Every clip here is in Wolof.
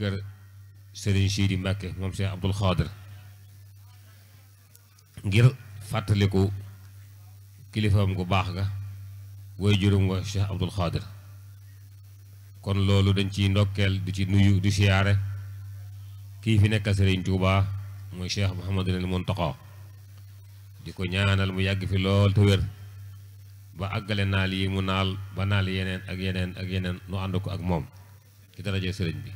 kër sëriñ Sidi Mbàkke moom Cheikh Abdul Xaadir ngir fàttaliku kilifaam gu baax ga way juróom wa Cheikh Abdul Xaadir kon loolu dañ ciy ndokkeel du ci nuyu du siyaare kii fi nekkal sëriñ Tuubaa mooy Cheikh Mouhamadul Mountakha di ko ñaanal mu yàgg fi lool te ba àggale naal yi mu naal ba naal yeneen ak yeneen ak yeneen nu ànd ko ak moom ci daraje sëriñ bi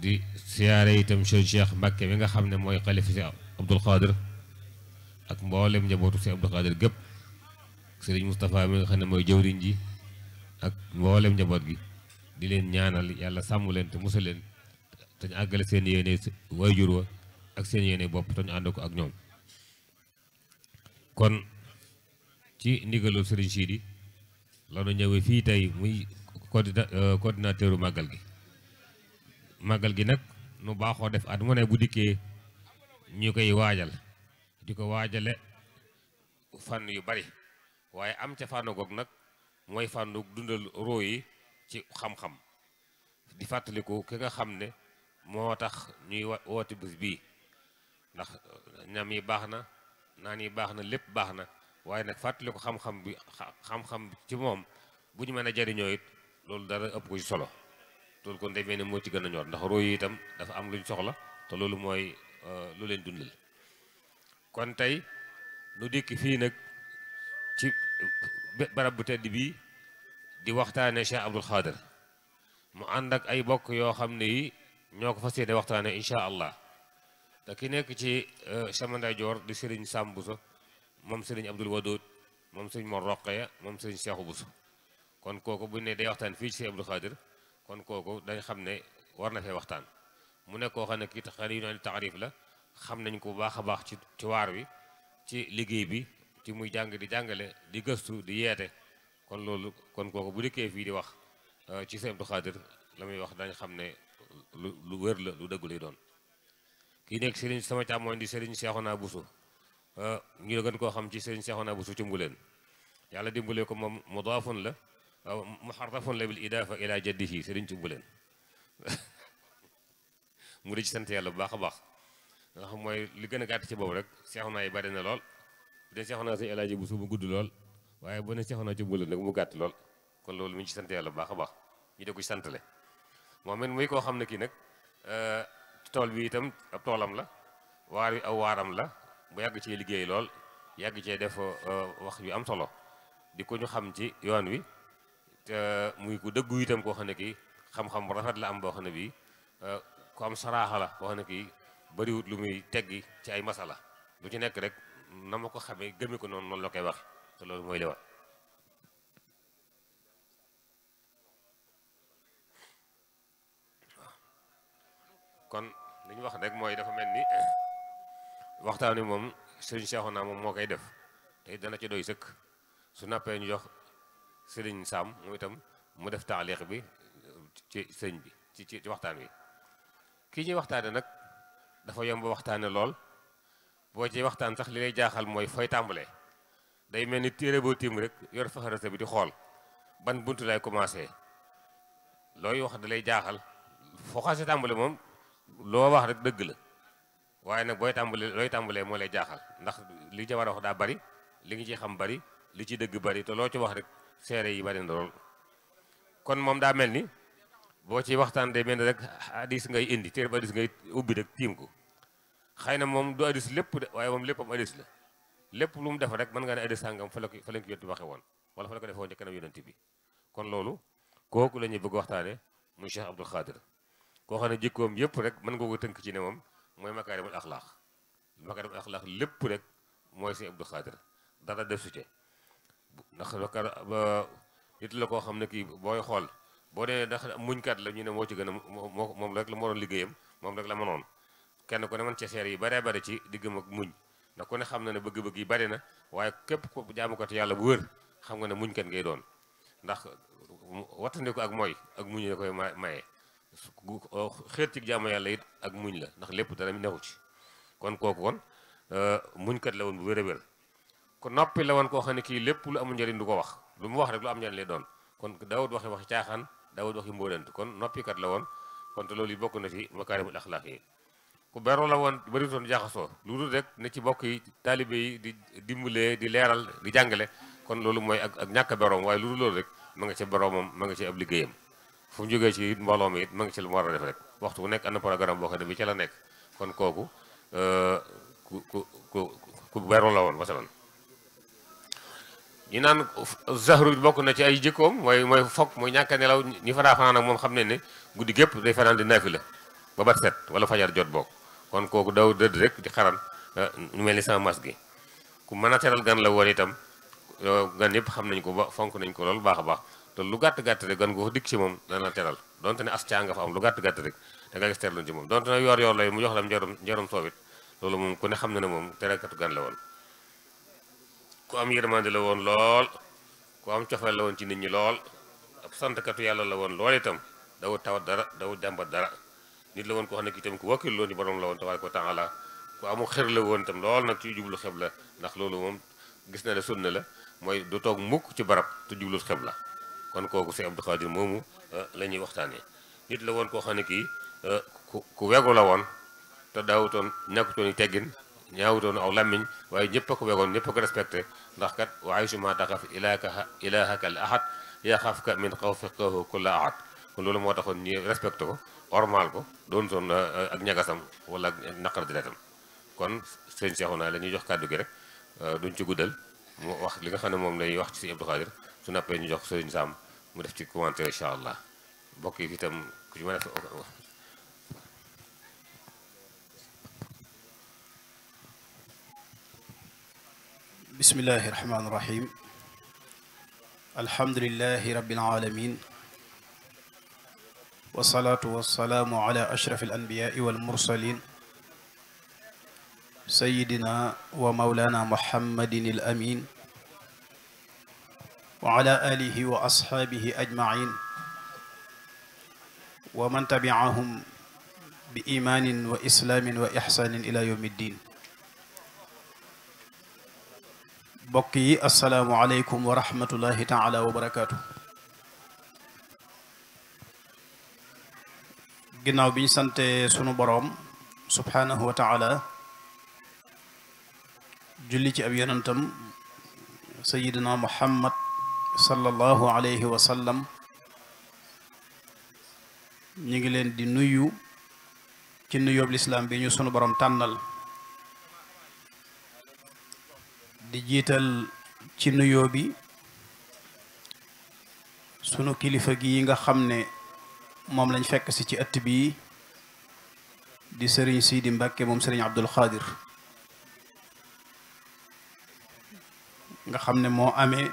di siyaare itam Sëriñ Cheikh Mbacke mi nga xam ne mooy xalifa si Abdul Xaadir ak mboolem njabootu si gépp sëriñ Moustapha mi nga xam ne mooy jëwriñ ji ak mboolem njaboot gi di leen ñaanal yàlla sàmm leen te musal leen te ñu àggale seen yéene waajur wa ak seen yéene bopp te ñu ànd ko ak ñoom kon ci ndigalul sëriñ Sidi la ñu ñëwee fii tey muy euh, coordinateuru màggal gi màggal gi nag nu baaxoo def at mu ne bu dikkee ñu koy waajal di ko waajale fànn yu bari waaye am ca fànn goog nag mooy fànnu dundal roo yi ci xam-xam di fàttaliku ki nga xam ne moo tax ñuy woote bés bii ndax eh, ñam yi baax na naan yi baax na lépp baax na waaye nag fàttaliku xam-xam ci moom bu ñu mën a jariñoo it loolu dara ëpp ko ci solo loolu kon day mel ne moo ci gën a ñor ndax roy itam dafa am luñ soxla te loolu mooy euh, lu leen dundal kon tey nu dikk fii nag ci barab bu tedd bii di waxtaane Cheikh Abdoul Khader mu ànd ak ay bokk yoo xam ne yi ñoo ko fas yéene waxtaane incha allah te ki nekk ci euh, sama ndeyjoor di sëriñ Sam Bousso moom sëriñ Abdoul Wadoud moom sëriñ Mor ya moom sëriñ Cheikhou Bousso kon kooku bu ne day waxtaan fii ci Cheikh Abdoul Khader kon kooku day xam ne war na fee waxtaan mu nekk koo xam ne kii xale yu naan taarif la xam nañ ko bu baax a baax ci ci waar wi ci liggéey bi ci muy jàng di jàngale di gëstu di yeete kon loolu kon kooku bu dikkee fii di wax euh, ci Sëñ Abdu Xaadir la muy wax dañ xam ne lu lu wér la lu dëggu lay doon kii nekk Serigne sama càmmooñ di Serigne Seexuna Busu euh, ñu gën koo xam ci Serigne Seexuna Busu ci mbuleen yàlla dimbalee ko moom mudaafun la waaw muharrafun la bil idaafa ila jaddihi sëriñ cumbu leen mu di ci sant yàlla bu baax a baax nga xam mooy li gën a gàtt ci boobu rek seexanaa yi bari na lool bu dee seexanaa si alaaji bu su mu gudd lool waaye bu ne seexanaa cumbu leen nag mu gàtt lool kon loolu mu ngi ci sant yàlla baax a baax ñu de ko ci santale moom it muy koo xam ne kii nag tool bi itam ab toolam la waar wi aw waaram la bu yàgg ci liggéey lool yàgg cee def wax yu am solo di xam ci yoon wi muy ku dëggu itam koo xam ne kii xam-xam rafet la am boo xam ne bii ku am saraaxa la koo xam ne kii bariwut lu muy teggi ci ay masala lu ci nekk rek na ma ko xamee gëme ko noonu noonu la koy wax mooy li war kon li wax rek mooy dafa mel ni waxtaan wi moom sëriñ Seexuna moom moo koy def te dana ci doy sëkk su nappee ñu jox sëriñ Sam mu itam mu def taaliq bi ci sëñ bi ci ci waxtaan wi kii ñuy waxtaane nag dafa yomb waxtaane lool boo ci waxtaan sax li lay jaaxal mooy fooy tàmbalee day mel ni téere boo tiim rek yor faxarasa bi di xool ban buntu lay commencé looy wax da jaaxal foo xase tàmbale moom loo wax rek dëgg la waaye nag booy tàmbale looy tàmbalee moo lay jaaxal ndax li ci war a wax daa bari li nga ciy xam bari li ci dëgg bari te loo ci wax rek seere yi bari na lool kon moom daa mel ni boo ci waxtaan de mel ni rek hadis ngay indi téere hadis ngay ubbi rek tiim ko xëy na moom du hadis lépp de waaye moom léppam hadis la lépp lu mu def rek mën nga ne hadis sàngam ko fa la ko yonent waxe wala fa la ko defe bi kon loolu kooku la ñuy bëgg waxtaane muy Cheikh Abdoul Khadir koo xam ne jikkoom yëpp rek mën nga ko tënk ci ne moom mooy makaarimul axlaaq makaarimul axlaaq lépp rek mooy Cheikh Abdoul Khadir dara def su ci ndax ba it la koo xam ne kii booy xool boo dee ndax muñkat la ñu ne moo ci gën a moo moom rek la moo doon liggéeyam moom rek la manoon kenn ku ne mën ci xeer yi baree bari ci diggam ak muñ ndax ku ne xam na ne bëgg-bëgg yi bari na waaye képp ku jaamukat yàlla bu wër xam nga ne muñkat ngay doon ndax wattandiku ak mooy ak muñ la koy maye xeet ci jaamu yàlla it ak muñ la ndax lépp dara mi newu ci kon kooku kon euh, muñkat la woon bu wér a wér ku noppi la woon koo xam ne kii lépp lu amul njariñ du ko wax lu mu wax rek lu am njëriñ lay doon kon daawut waxi waxi caaxaan daawut waxi mbóodant kon noppikat la woon kon te loolu yi bokk na ci makaarimul axlaaq ku beru la woon bëri doon jaxasoo lu dul rek ne ci bokk yi taalibe yi di dimbalee di leeral di jàngale kon loolu mooy ak ak ñàkk beroom waaye lu dul loolu rek ma nga ci boroomam ma nga ci ab liggéeyam fu mu jógee ci mbooloo mi it ma nga lu mu a rek waxtu bu nekk am na programme boo xam ne bi ca la nekk kon kooku euh, ku ku beru la woon wasalan ñu naan zahru bokk na ci ay jikkoom mooy mooy fokk mooy ñàkk a nelaw ñi fa daa fanaan ak moom xam ne ne guddi gépp day fanaan di naafila ba bat set wala fajar jot bokk kon kooku daw dëdd rek di xaran ñu eh, mel ni sama mas gi ku mën a teral gan la woon itam gan yëpp xam nañ ko ba fonk nañ ko loolu baax a baax te lu gàtt gàtt rek gan goo dikk ci moom dana teral dont ne as caa nga fa am lu gàtt gàtt rek da nga gis teral ci moom donte ne yor yor lay mu jox lam njarom njarom loolu moom ku ne xam na ne moom terakatu gan la woon ku am yërmande la woon lool ku am cofeel la woon ci nit ñi lool ab santkatu yàlla la woon lool itam daw tawat dara daw dembat dara nit la woon ko xam ne ki itam ku wakkil loon ci borom la woon tabaaraka wa taala ku amu xër la woon itam lool nag ci jublu xibla ndax loolu moom gis na ne sunna la mooy du toog mukk ci barab te jublu xibla kon kooku si Abdou Khadir moomu eh, la ñuy waxtaanee nit la woon koo xam ne kii eh, ku ku wegu la woon te daawutoon nekkutoon teggin ñaawutoon aw làmmiñ waaye ñëpp a ko wegoon ñëpp ko respecté ndax kat waaye suma taxaf ilaaka ilaahaka al ahad yaxaf ka min xawfiqahu kulla ahad kon loolu moo taxoon ñu respecté ko ormal ko doon soon euh, ak ñagasam wala ak naqar diretam kon sëñ Seexuna naa lañuy jox kàddu gi rek euh, duñ ci guddal mu wax li nga xam ne moom lay wax ci sëñ Abdou Khadir su nappee ñu jox sëñ Saam mu def ci commentaire incha allah mbokk yi itam ku ci mën a bismillahi rahmaani rahim alhamdulilahi rabbil alamin wasalaatu wasalaamu ala ashraf al anbiyaai wal mursalin sayidina wa maulana muhammadin al amin wa ala alihi wa ashaabihi ajmain wa man tabiahum bi imaanin wa islaamin wa ixsaanin ila yawmi ddin mbokk yi asalaamualeykum wa rahmatullahi taala wa barakaatu. ginnaaw bi ñu sante sunu boroom subhaanahu wa taala julli ci ab yonentam sayidina muhammad sallallahu alayhi wa sallam ñu ngi leen di nuyyu ci nuyoob lislaam bi ñu sunu borom tànnal di jiital ci nuyoo bi sunu kilifa gi nga xam ne moom lañ fekk si ci ëtt bi di sëriñ Sidi Mbàkke moom sëriñ Abdul Xaadir nga xam ne moo amee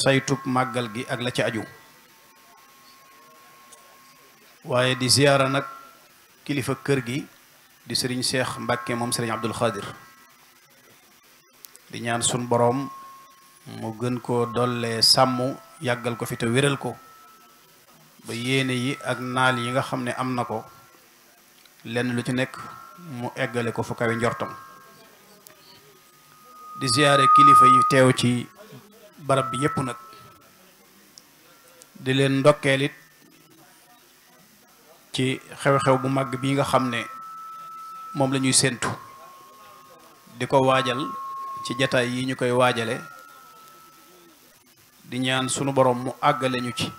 saytub màggal gi ak la ci aju waaye di ziyaara nag kilifa kër gi di sëriñ Cheikh Mbàkke moom sëriñ Abdul Xaadir di ñaan sun boroom mu gën koo dollee sàmm yàggal ko fi te wéral ko ba yéene yi ak naal yi nga xam ne am na ko lenn lu ci nekk mu eggale ko fu kawe njortam di ziyaare kilifa yi teew ci barab bi yépp nag di leen ndokkeel ci xew-xew bu mag bi nga xam ne moom la ñuy séentu di ko waajal ci jataay yi ñu koy waajale di ñaan sunu borom mu àggale ñu ci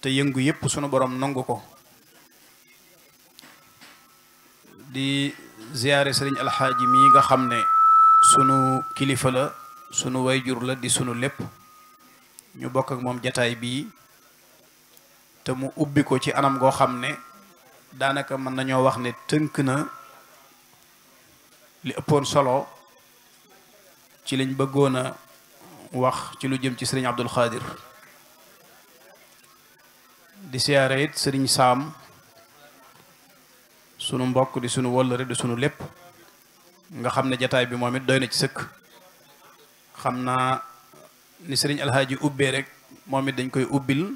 te yëngu yépp sunu borom nangu ko di ziyaare sëriñ alxaaji mii nga xam ne sunu kilifa la sunu jur la di sunu lépp ñu bokk moom jataay bii te mu ubbi ko ci anam goo xam ne daanaka mën nañoo wax ne tënk na li ëppoon solo ci lañ bëggoon a wax ci lu jëm ci sëriñ Abdul Xaadir di siyaare it sëriñ Saam sunu mbokk di sunu wëllëre di sunu lépp nga xam ne jataay bi moom it doy na ci sëkk xam naa ni sëriñ alxaaji ubbee rek moom it dañ koy ubbil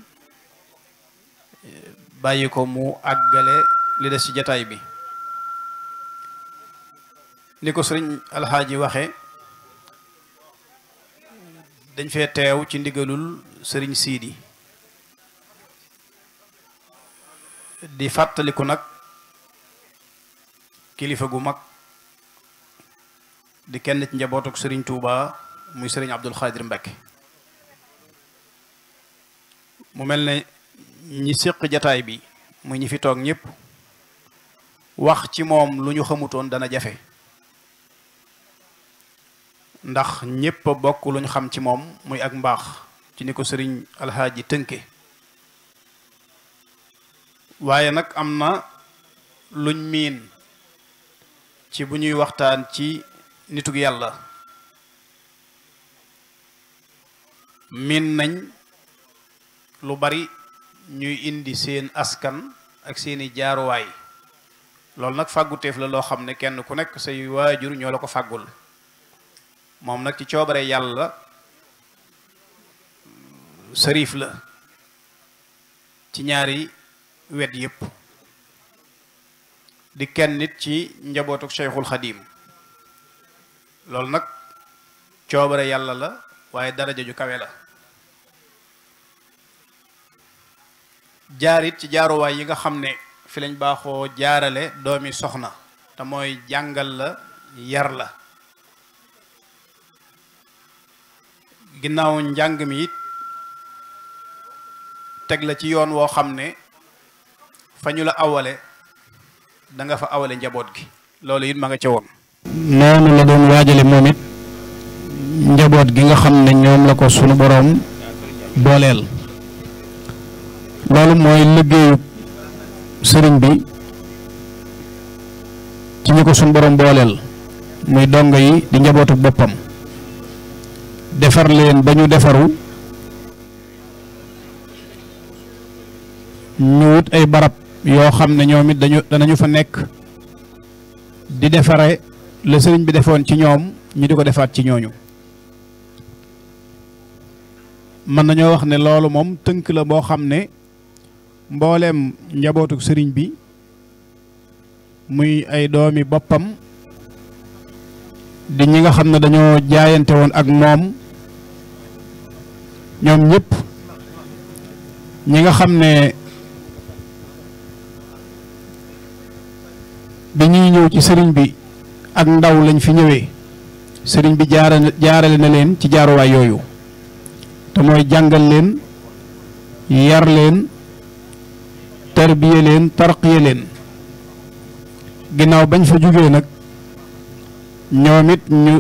bàyyi ko mu àggale li des ci jataay bi ni ko sëriñ alxaaji waxe dañ fee teew ci ndigalul sëriñ siidi di fàttaliku nag kilifa gu mag di kenn ci njabootuk sëriñ tuuba muy sëriñ Abdul Xaadir Mbakke mu mel ne ñi séq jataay bi mu ñi fi toog ñëpp wax ci moom lu ñu xamutoon dana jafe ndax ñépp bokk lu xam ci moom muy ak mbaax ci ni ko sëriñ alxaaji tënke waaye nag am na luñ miin ci bu ñuy waxtaan ci nitug yàlla miin nañ lu bari ñuy indi seen askan ak seeni jaaruwaay loolu nag fàgguteef la loo xam ne kenn ku nekk say waajur ñoo la ko fàggul moom nag ci coobare yàlla sërif la ci ñaari wet yépp di kenn nit ci njabootu Cheikhul Xadim loolu nag coobare yàlla la waaye daraja ju kawe la jaarit ci jaaruwaay yi nga xam ne fi lañ baaxoo jaarale doomi soxna te mooy jàngal la yar la ginnaaw njàng mi it teg la ci yoon woo xam ne fa ñu la awale danga fa awale njaboot gi loolu it ma nga ca woon. noonu la doon waajale moom it njaboot gi nga xam ne ñoom la ko sunu boroom booleel. loolu mooy liggéeyu sëriñ bi ci ñi ko sunu boroom booleel muy dongo yi di njabootu boppam. defar leen ba ñu defaru ñu wut ay barab yoo xam ne ñoom it dañu danañu fa nekk di defare la sëriñ bi defoon ci ñoom ñu di ko defaat ci ñooñu mën nañoo wax ne loolu moom tënk la boo xam ne mbooleem njabootu sëriñ bi muy ay doomi boppam di ñi nga xam ne dañoo jaayante woon ak moom ñoom ñëpp ñi nga xam ne bi ñuy ñëw ci sëriñ bi ak ndaw lañ fi ñëwee sëriñ bi jaara jaarale na leen ci jaaruwaay yooyu te mooy jàngal leen yar leen tarbiye leen tarqiye leen ginnaaw bañ fa jógee nag ñoom it ñu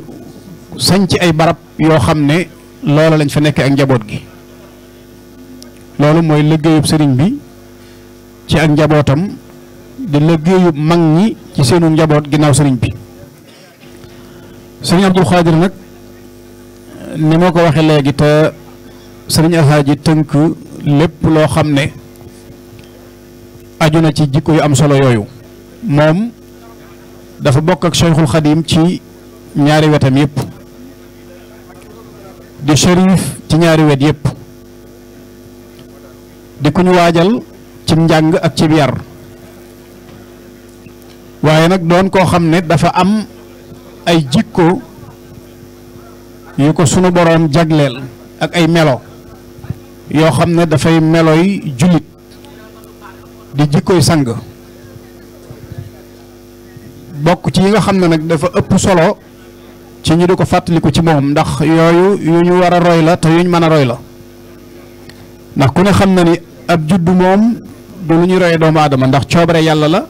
sañc ay barab yoo xam ne loola lañ fa nekkee ak njaboot gi loolu mooy liggéeyub sëriñ bi ci ak njabootam di liggéeyub mag ñi ci seenu njaboot ginnaaw sëriñ bi sëriñ Abdul Xaadir nag ni moo ko waxee léegi te sëriñ Alxaaji tënk lépp loo xam ne aju na ci jikko yu am solo yooyu moom dafa bokk ak Cheikhul Xadim ci ñaari wetam yëpp di shérif ci ñaari wet yépp di ku ñu waajal ci njàng ak ci yar waaye nag doon koo xam ne dafa am ay jikko yu ko sunu boroom jagleel ak ay melo yoo xam ne dafay meloy jullit di jikkoy sang bokk ci yi nga xam ne nag dafa ëpp solo ci ñu di ko fàttaliku ci moom ndax yooyu yu ñu war a roy la te yuñ mën a roy la ndax ku ne xam na ni ab juddu moom du lu ñuy royee doomu aadama ndax coobare yàlla la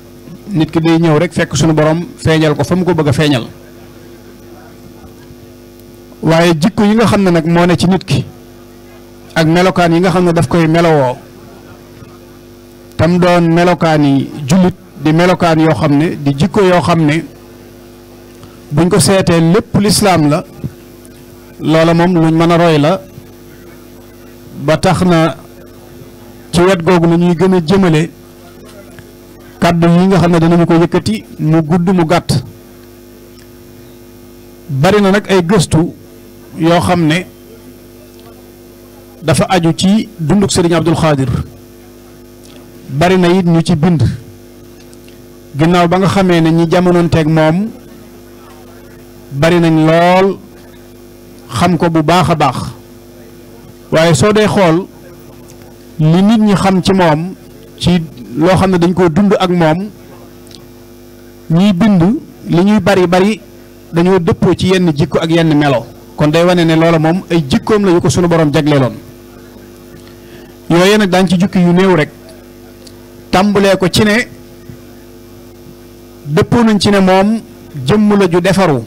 nit ki day ñëw rek fekk suñu borom feeñal ko fa mu ko bëgg a feeñal waaye jikko yi nga xam ne nag moo ne ci nit ki ak melokaan yi nga xam ne daf koy melowoo tam doon melokaani yi jullit di melokaan yoo xam ne di jikko yoo xam ne buñ ko seetee lépp lislaam la loola moom luñ mën a roy la ba tax na ci wet googu la ñuy gën a jëmale kàddu yi nga xam ne dana danañu ko yëkkati mu gudd mu gàtt bari na nag ay gëstu yoo xam ne dafa aju ci dunduk Serigne Abdul Xaadir bari na it ñu ci bind ginnaaw ba nga xamee ne ñi jamonoonteeg moom bari nañ lool xam ko bu baax a baax waaye soo dee xool li nit ñi xam ci moom ci loo xam ne dañ koo dund ak moom ñiy bind li ñuy bari bari dañoo dëppoo ci yenn jikko ak yenn melo kon day wane ne loolu moom ay jikkoom la yu ko sunu borom jagleeloon yooyu nag daañ ci jukki yu néew rek tàmbulee ko ci ne dëppoo nañ ci ne moom jëmm la ju defaru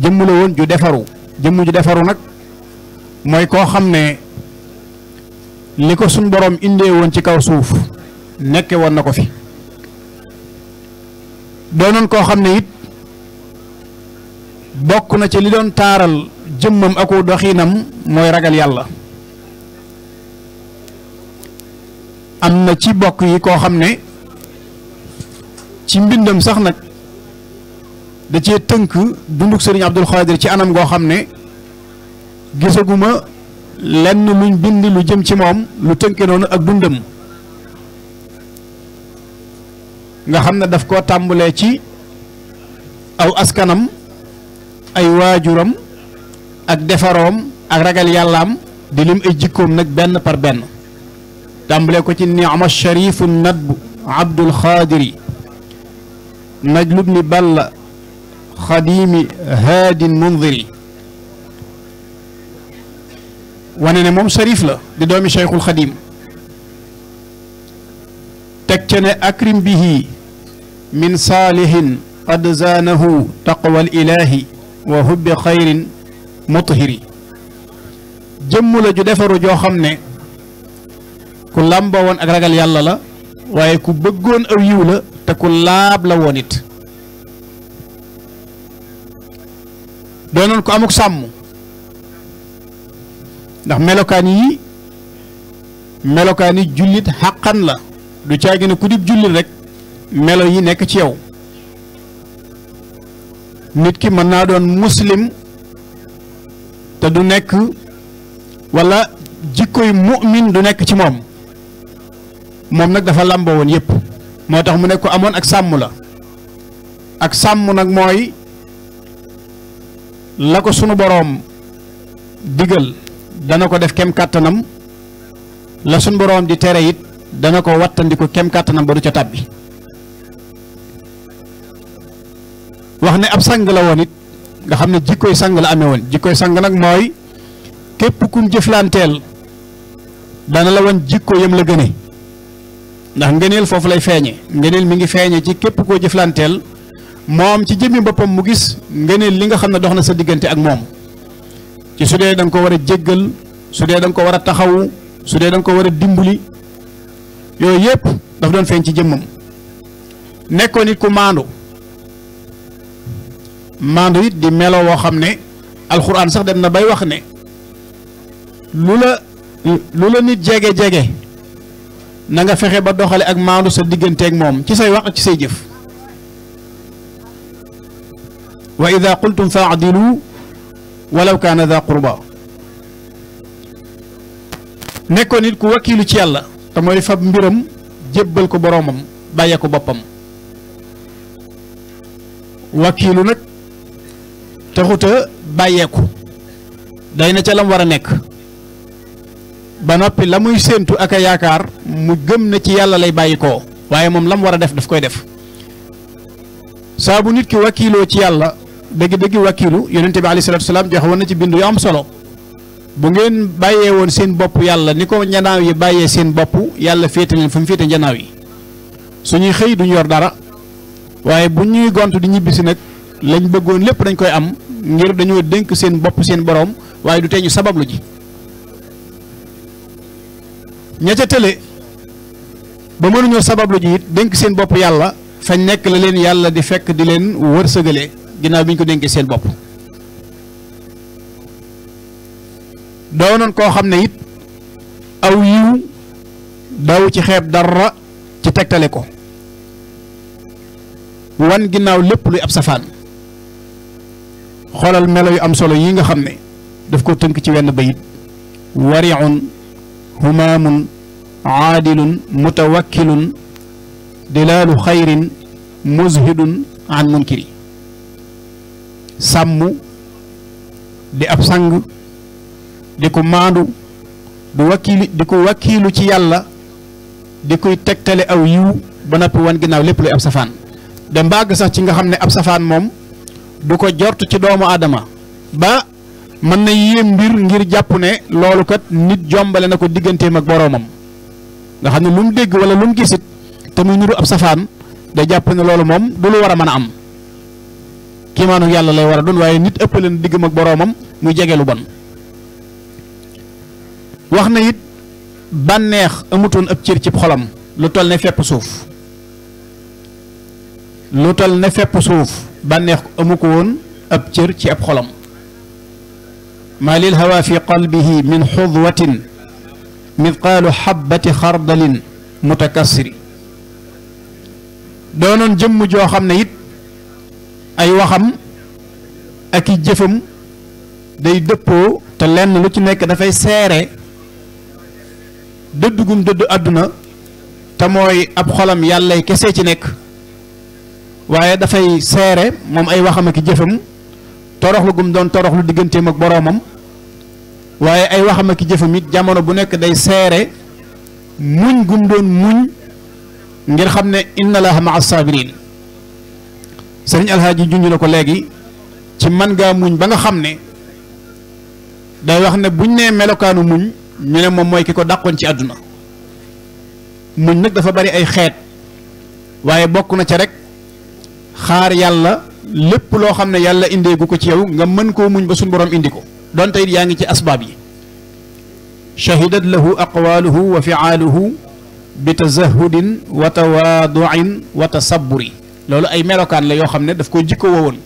jëmm la woon ju defaru jëmm ju defaru nag mooy koo xam ne li ko suñ boroom indee woon ci kaw suuf nekke woon na ko fi doonoon koo xam ne it bokk na ci li doon taaral jëmmam aku doxiinam mooy ragal yàlla am na ci bokk yi koo xam ne ci mbindam sax nag da cee tënk dunduk sëriñ Abdul Xaadir ci anam goo xam ne gisaguma lenn luñ bind lu jëm ci moom lu tënke noonu ak dundam nga xam ne daf koo tàmbalee ci aw askanam ay waajuram ak defaroom ak ragal yàllaam di lim ay jikkoom nag benn par benn tàmbulee ko ci niama sharifu nadbu abdul xaadiri najlub ni balla xadiimi haadin munziri wane ne moom sharif la di doomi cheikhul xadim teg ca ne akrim bihi min saalihin qad zaanahu taqwa alilahi wa hubbi xayrin muthiri jëmm la ju defaru joo xam ne ku làmboo woon ak ragal yàlla la waaye ku bëggoon aw yiw la te ku laab la woon doonoon ko amuk sàmm ndax melokaan yi melokaan yi jullit xàqan la du caagi ne ku dib jullit rek melo yi nekk ci yow nit ki mën naa doon muslim te du nekk wala jikkoy mu'min du nekk ci moom moom nag dafa làmboo woon yépp moo tax mu nekk ko amoon ak sàmm la ak sàmm nag mooy la ko sunu boroom digal dana ko def kem kàttanam la sunu boroom di tere it dana ko wattandiku kem kàttanam ba du ca tàbbi wax ne ab sang la woon it nga xam ne jikkoy sang la amee woon jikkoy sang nag mooy képp kum jëflanteel dana la woon jikko yam la gëne ndax ngëneel foofu lay feeñe ngëneel mi ngi feeñe ci képp koo jëflanteel moom ci jëmmi boppam mu gis nga ne li nga xam ne dox na sa diggante ak moom ci su dee da ko war a jéggal su dee da ko war a taxawu su dee da nga ko war a dimbali yooyu yëpp daf doon feeñ ci jëmmam nekkoo nit ku maandu maandu it di melo woo xam ne alxuraan sax dem na bay wax ne lu la lu la nit jege jege nanga fexe ba doxale ak maandu sa digganteeg moom ci say wax ak ci say jëf. wa ida qultum fa adilu walaw kaana da qurba nekkoon nit ku wakiilu ci yàlla te mooy fab mbiram jébbal ko boroomam bàyyee ko boppam wakiilu nag taxuta bàyyeeku day na ca lam war a nekk ba noppi la muy séentu ak a yaakaar mu gëm na ci yàlla lay bàyyi waaye moom lam war a def daf koy def saa nit ki wakiiloo ci yàlla dëgg-dëgg wàkkiilu yonente bi aleyhi salaatu salaam joxe woon na ci bind yu am solo bu ngeen bàyyee woon seen bopp yàlla ni ko njanaaw yi bàyyee seen bopp yàlla féete leen fu mu féete njanaaw yi suñuy xëy duñu yor dara waaye bu ñuy gont di ñibbisi nag lañ bëggoon lépp dañ koy am ngir dañoo dénk seen bopp seen boroom waaye du tee ñu sabablu ji ña ca tële ba mënuñoo sabablu ji it dénk seen bopp yàlla fañ nekk la leen yàlla di fekk di leen wërsëgalee ginnaaw bi ñu ko dénkee seen bopp doonoon koo xam ne it aw yiw daw ci xeeb dara ci tegtale ko wan ginnaaw lépp luy ab safaan xoolal melo yu am solo yi nga xam ne daf ko tënk ci wenn bayit wariun humaamun aadilun mutawakkilun dilaalu xayrin muzhidun an munkiri sàmm di ab sang di ko maandu du wakkiilu di ko wakkiilu ci yàlla di koy tegtale aw yiw ba noppi wan ginnaaw lépp luy ab safaan dem bàgg sax ci nga xam ne ab safaan moom du ko jort ci doomu aadama ba mën na yéem mbir ngir jàpp ne loolu kat nit jombale na ko digganteem ak boroomam nga xam ne lu dégg wala lu mu gisit te muy niru ab safaan day jàpp ne loolu moom du lu war a mën a am kiimaanu yàlla lay war doon waaye nit ëppale na diggam boroomam mu jege lu bon wax na it bànneex amutoon ab cër ci xolam lu toll ne fepp suuf lu toll ne suuf bànneex amu ko woon ab cër ci ab xolam maa lil hawa fi qalbihi min xudwatin mithqaalu xabbati xardalin mutakassiri doonoon jëmm joo xam ne it ay waxam ak i jëfam day dëppoo te lenn lu ci nekk dafay seere dëddugum dëdd àdduna te mooy ab xolam yàllay kese ci nekk waaye dafay seere moom ay waxam ak i jëfam toroxlu gum doon toroxlu digganteem ak boroomam waaye ay waxam ak i jëfam it jamono bu nekk day seere muñ gum doon muñ ngir xam ne inna laaha ma'a saabiriin sëriñ alxaaji junj la ko léegi ci man ngaa muñ ba nga xam ne day wax ne buñ nee melokaanu muñ ñu ne moom mooy ki ko dàqoon ci àdduna muñ nag dafa bari ay xeet waaye bokk na ca rek xaar yàlla lépp loo xam ne yàlla indeegu ko ci yow nga mën koo muñ ba suñ borom indi ko donte it yaa ngi ci asbaab yi shahidat lahu aqwaaluhu wa fiaaluhu bi tazahudin wa tawaaduin wa tasabburi loolu ay melokaan la yoo xam ne dafa koo jikko wowoon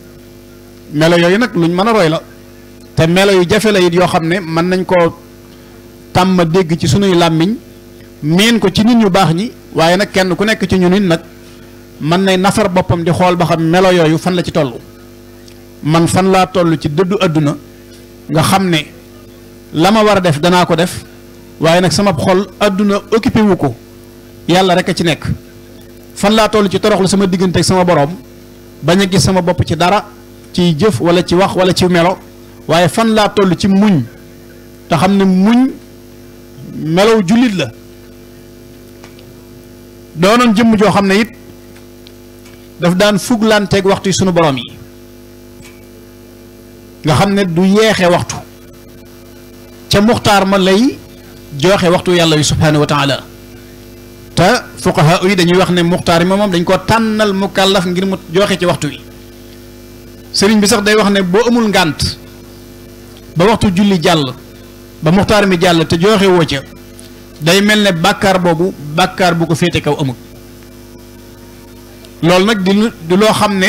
melo yooyu nag luñ mën a roy la te melo yu jafe la it yoo xam ne mën nañ koo tàmm dégg ci suñuy làmmiñ miin ko ci nit ñu baax ñi waaye nag kenn ku nekk ci ñu nit nag mën nay nafar boppam di xool ba xam melo yooyu fan la ci toll man fan laa toll ci dëddu àdduna nga xam ne la ma war a def danaa ko def waaye nag sama xol àdduna occupé wu ko yàlla rek a ci nekk fan laa toll ci toroxlu sama diggante ak sama boroom bañ a gis sama bopp ci dara ciy jëf wala ci wax wala ci melo waaye fan laa toll ci muñ te xam ne muñ melow jullit la doonoon jëmm joo xam ne it daf daan fuglanteeg waxtu yi sunu borom yi nga xam ne du yeexe waxtu ca muxtaar ma lay jooxe waxtu yàlla yu subhaanahu wa taala te fuqaha yi dañuy wax ne muxtaar yi moom dañ ko tànnal mu kàllaf ngir mu joxe ci waxtu wi sëriñ bi sax day wax ne boo amul ngànt ba waxtu julli jàll ba muxtaar mi jàll te joxe woo ca day mel ne bàkkaar boobu bàkkaar bu ko féete kaw amul loolu nag di loo xam ne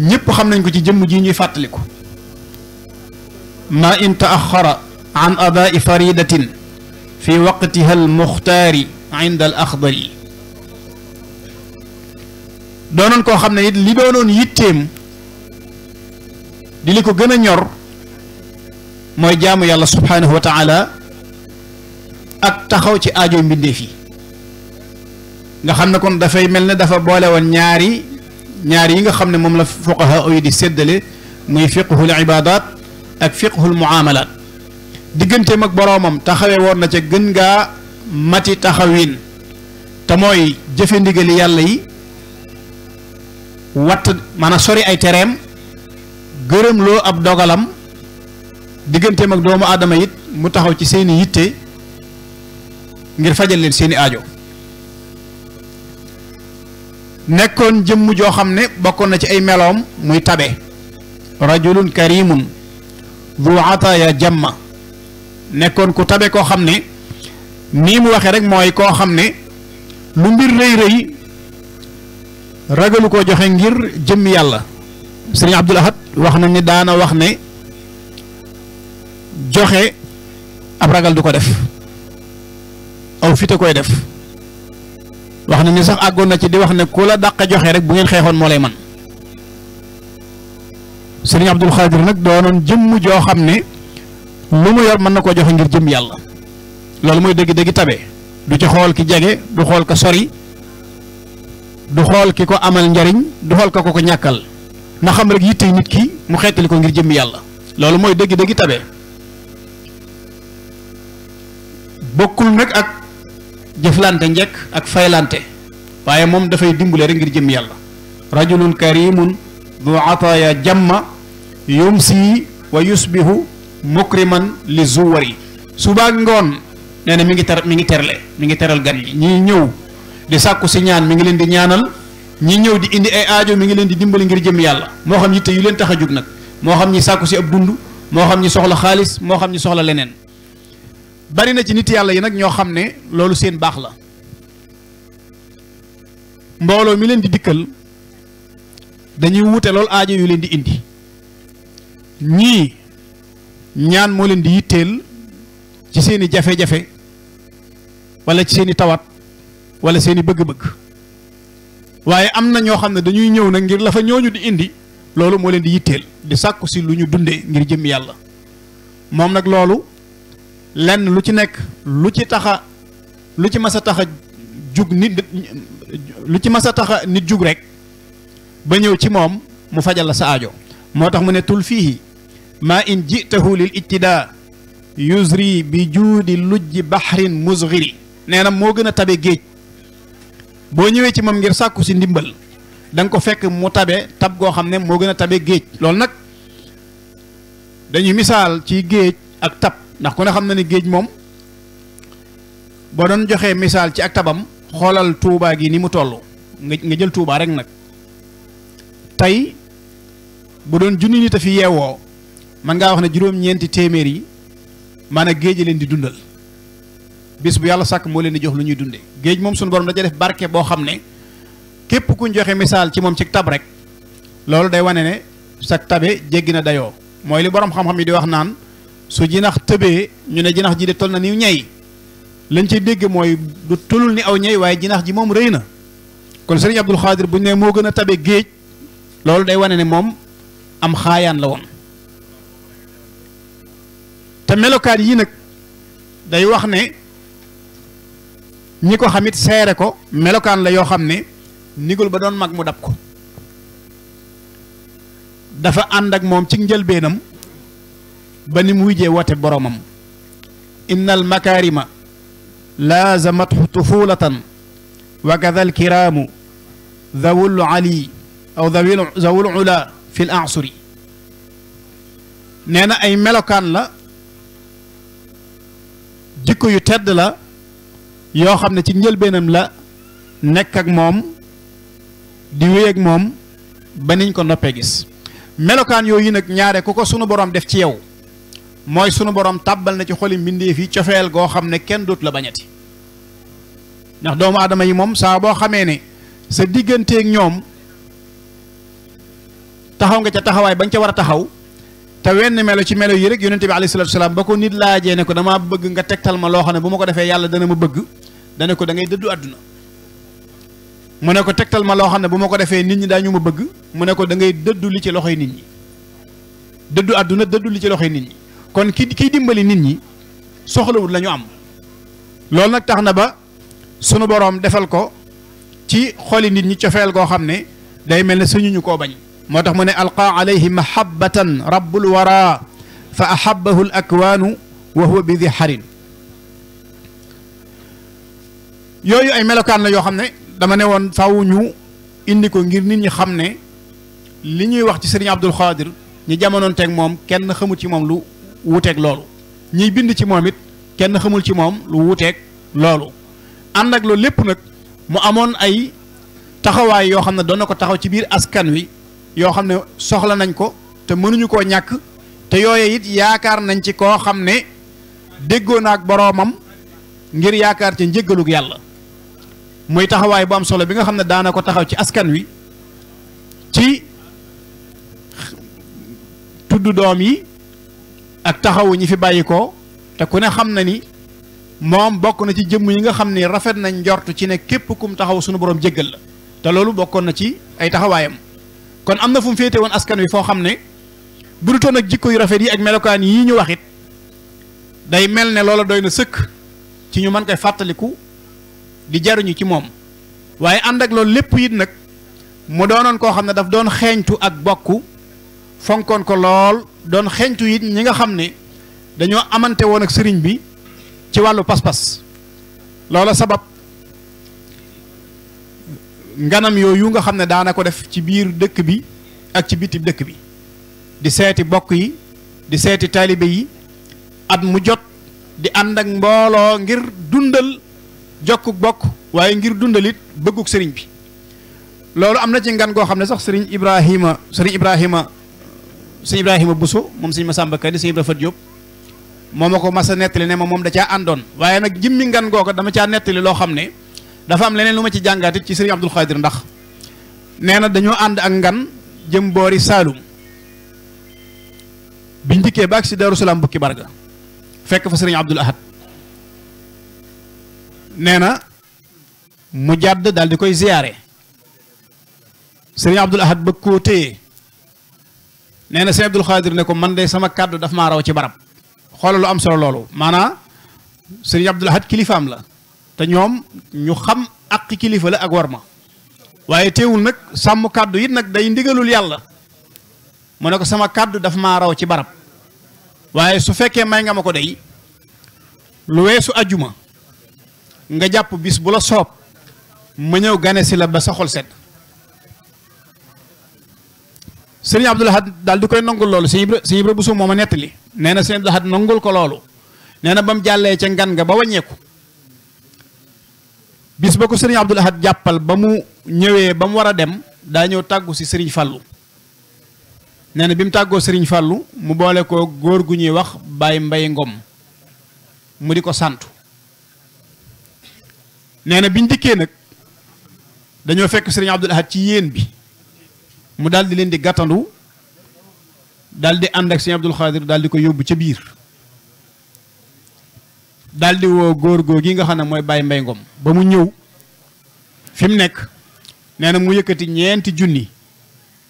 ñëpp xam nañ ko ci jëmm ji ñuy fàttaliku ma in taaxara an faridatin fi waqtiha al muxtaari inda al axdari koo xam ne it li doonoon yitteem di li ko gën a ñor mooy jaamu yàlla subhaanahu wa taala ak taxaw ci aajo mbindeef yi nga xam ne kon dafay mel ne dafa boole woon ñaari ñaar yi nga xam ne moom la fuqaha yi di séddale muy fiqhul ibadat ak fiqhul muamalat digganteem ak boroomam taxawee woon na ca gën ngaa mati taxawin te mooy jëfe ndigali yàlla yi watt maanaam sori ay tereem gërëm loo ab dogalam digganteem ak doomu aadama it mu taxaw ci seeni yitte ngir fajal leen seeni aajo nekkoon jëmm joo xam ne bokkoon na ci ay meloom muy tabe rajulun karimun du ataaya jamma nekkoon ku tabe koo xam ne nii mu waxee rek mooy koo xam ne lu mbir rëy rëy ragalu koo joxe ngir jëm yàlla sëriñ Abdul Ahad wax nañ ni daana wax ne joxe ab ragal du ko def aw fite koy def wax na ni sax àggoon na ci di wax ne ku la dàq joxe rek bu ngeen xeexoon moo lay man sëriñ Abdul Xaadir nag doonoon jëmm joo xam ne lu mu yor mën na koo joxe ngir jëm yàlla loolu mooy dégg dëgg tabe du ci xool ki jege du xool ka sori du xool ki ko amal njariñ du xool ka ko ko ñàkkal na xam rek yitte nit ki mu xeetali ko ngir jëmmi yàlla loolu mooy dégg dëgg tabe bokkul nag ak jëflante njekk ak faylante waaye moom dafay dimbale rek ngir jëmmi yàlla rajulun karimun du ataaya jamma yumsi wa yusbihu mukriman li zuwari suba ngoon nee na mi ngi ter mi ngi terle mi ngi teral gan yi ñii ñëw di sàkku si ñaan mi ngi leen di ñaanal ñi ñëw di indi ay aajo mi ngi leen di dimbali ngir jëm yàlla moo xam yitte yu leen tax a jóg nag moo xam ñi sàkku si ab dund moo xam ñi soxla xaalis moo xam ñi soxla leneen bari na ci nit yàlla yi nag ñoo xam ne loolu seen baax la mbooloo mi leen di dikkal dañuy wuute lool aajo yu leen di indi ñii ñaan moo leen di yitteel ci seeni jafe-jafe wala ci seeni tawat tawaat wala seen i bëgg-bëgg waaye am na ñoo xam ne dañuy ñëw nag ngir lafa fa ñu di indi loolu moo leen di yitteel di sàkku si lu ñu dundee ngir jëm yàlla moom nag loolu lenn lu ci nekk lu ci taxa lu ci mas a taxa jug nit lu ci mas a taxa nit jug rek ba ñëw ci moom mu fajal la sa aajo moo tax mu ne tul fiihi maa in jitahu lil ijtidaa yusri bi juudi lujji bahrin musghiri nee na moo gën a tabe géej boo ñëwee ci moom ngir sàkku ci ndimbal danga ko fekk mu tabe tab goo xam ne moo gën a tabe géej loolu nag dañuy misaal ci géej ak tab ndax ku ne xam na ne géej moom boo doon joxee misaal ci ak tabam xoolal tuubaa gi ni mu toll nga nga jël tuubaa rek nag tey bu doon junni nit a fi yeewoo man ngaa wax ne juróom-ñeenti téeméer yi maanaam géej leen di dundal bis bu yàlla sàkk moo leen di jox lu ñuy dunde géej moom suñu borom daja def barke boo xam ne képp ku ñu joxe misaal ci moom ci tab rek loolu day wane ne sa tabe jéggi na dayoo mooy li borom xam-xam yi di wax naan su jinax tëbee ñu ne jinax ji de tol na ni ñay lañ ciy dégg mooy du tolul ni aw ñey waaye jinax ji moom rëy na kon sëriñ Abdul Xaadir bu ñu ne moo gën a tabe géej loolu day wane ne moom am xaayaan la woon te melokaan yii nag day ñi ko xamit seere ko melokaan la yoo xam ne nigul ba doon mag mu dab ko dafa ànd moom ci njëlbeenam ba ni mu wijjee woote boromam inna al makaarima laazamathu tufulatan wa kada al kiraamu zawul aw zawul zawul fi l asuri nee na ay melokaan la jikko yu tedd la yoo xam ne ci njëlbeenam la nekk ak moom di wéy ak moom ba niñ ko noppee gis melokaan yooyu nag ñaare ku ko sunu borom def ci yow mooy sunu borom tàbbal na ci xoli mbindeef yi cofeel goo xam ne kenn dootu la bañati ndax doomu adama yi moom saa boo xamee ne sa digganteeg ñoom taxaw nga ca taxawaay ba nga ca war a taxaw te wenn melo ci melo yi rek yonente bi alayhi salaatu salaam ba ko nit laajee ne ko damaa bëgg nga tegtal ma loo xam ne bu ma ko defee yàlla dana ma bëgg dane ko dangay ngay dëddu àdduna mu ne ko tegtal ma loo xam ne bu ma ko defee nit ñi daañu ma bëgg mu ne ko dangay ngay dëddu li ci loxo yi ñi dëddu àdduna dëddu li ci loxoy nit ñi kon ki kiy dimbali nit ñi soxlawut la am loolu nag tax na ba sunu boroom defal ko ci xoli nit ñi cofeel goo xam ne day mel ne suñu ñu koo bañ moo tax mu ne alqaa alayhi mahabbatan rabbul wara fa ahabbahu al akwaanu wa huwa bi di xarin yooyu ay melokaan la yoo xam ne dama ne woon faaw ñu indi ko ngir nit ñi xam ne li ñuy wax ci sëriñ Abdul Xaadir ñi jamonoon teeg moom kenn xamu ci moom lu wuuteeg loolu ñiy bind ci moom it kenn xamul ci moom lu wuuteeg loolu ànd ak loolu lépp nag mu amoon ay taxawaay yoo xam ne doon na ko taxaw ci biir askan wi yoo xam ne soxla nañ ko te mënuñu koo ñàkk te yooye it yaakaar nañ ci koo xam ne déggoon na ak boroomam ngir yaakaar ci njëggalug yàlla muy taxawaay bu am solo bi nga xam ne daanako ko taxaw ci askan wi ci tudd doom yi ak taxawu ñi fi bàyyi ko te ku ne xam na ni moom bokk na ci jëmm yi nga xam ne rafet nañ njort ci ne képp kum taxaw sunu borom jéggal la te loolu bokkoon na ci ay taxawaayam kon am na fu mu féete woon askan wi foo xam ne bu dutoon ak jikko yu rafet yi ak melokaan yi ñu waxit day mel ne loola doy na sëkk ci ñu mën koy fàttaliku di jariñu ci moom waaye ànd ak loolu lépp it nag mu doonoon koo xam ne daf doon xeeñtu ak bokk fonkoon ko lool doon xeeñtu it ñi nga xam ne dañoo amante woon ak sëriñ bi ci wàllu pas-pas loola sabab nganam yooyu nga xam ne daanako def ci biir dëkk bi ak ci bitim dëkk bi di seeti bokk yi di seeti taalibe yi at mu jot di ànd ak mbooloo ngir dundal jokkuk bokk waaye ngir dundalit bëgguk sëriñ bi loolu am na ci ngan goo xam ne sax sëriñ Ibrahima sëriñ Ibrahima sëriñ Ibrahima Bousso moom sëriñ Massamba Kanni sëriñ Ibra Fat Diop moo ma ko mas a nettali ne ma moom da caa àndoon waaye nag jimmi ngan goo dama caa nettali loo xam ne dafa am leneen lu ma ci jàngaatit ci sëriñ Abdul Xaadir ndax nee na dañoo ànd ak ngan jëm boori Saalum biñ dikkee ba ak si Daaru Salaam bukki barga fekk fa sëriñ Abdul Ahad nee na mu jàdd daal di koy ziyaare sëriñ Abdul Ahad bëgg koo téyee nee na sëriñ Abdul Xaadir ne ko man de sama kàddu daf maa raw ci barab xoolalu am solo loolu maanaa sëriñ Abdul Ahad kilifaam la te ñoom ñu xam ak kilifa la ak war ma waaye teewul nag sàmm kàddu it nag day ndigalul yàlla mu ne ko sama kàddu daf maa raw ci barab waaye su fekkee may nga ma ko day lu weesu ajjuma nga jàpp bis bu la soob ma ñëw gane si la ba soxol set sedd sëriñ Abdul Ahad daal di koy nongul loolu sëñ Ibra sëñ Ibra Bousso moo ma nettali neena na sëriñ Abdul nongul ko loolu nee na ba mu jàllee ca ngan nga ba wàññeeku bis ba ko sëriñ Abdul Ahad jàppal ba mu ñëwee ba mu war a dem daa ñëw tàggu si sëriñ Fallou nee na bi mu tàggoo sëriñ fàllu mu boole ko góor gu ñuy wax Baye mbay Ngom mu di ko santu nee bi biñ dikkee nag dañoo fekk sëriñ Abdul Ahad ci yéen bi mu daal di leen di gàttandu daal di ànd ak Abdul Xaadir daal di ko yóbbu ca biir daldi woo góor góor gi nga xam ne mooy Baye Mbay Ngom ba mu ñëw fi mu nekk nee na mu yëkkati ñeenti junni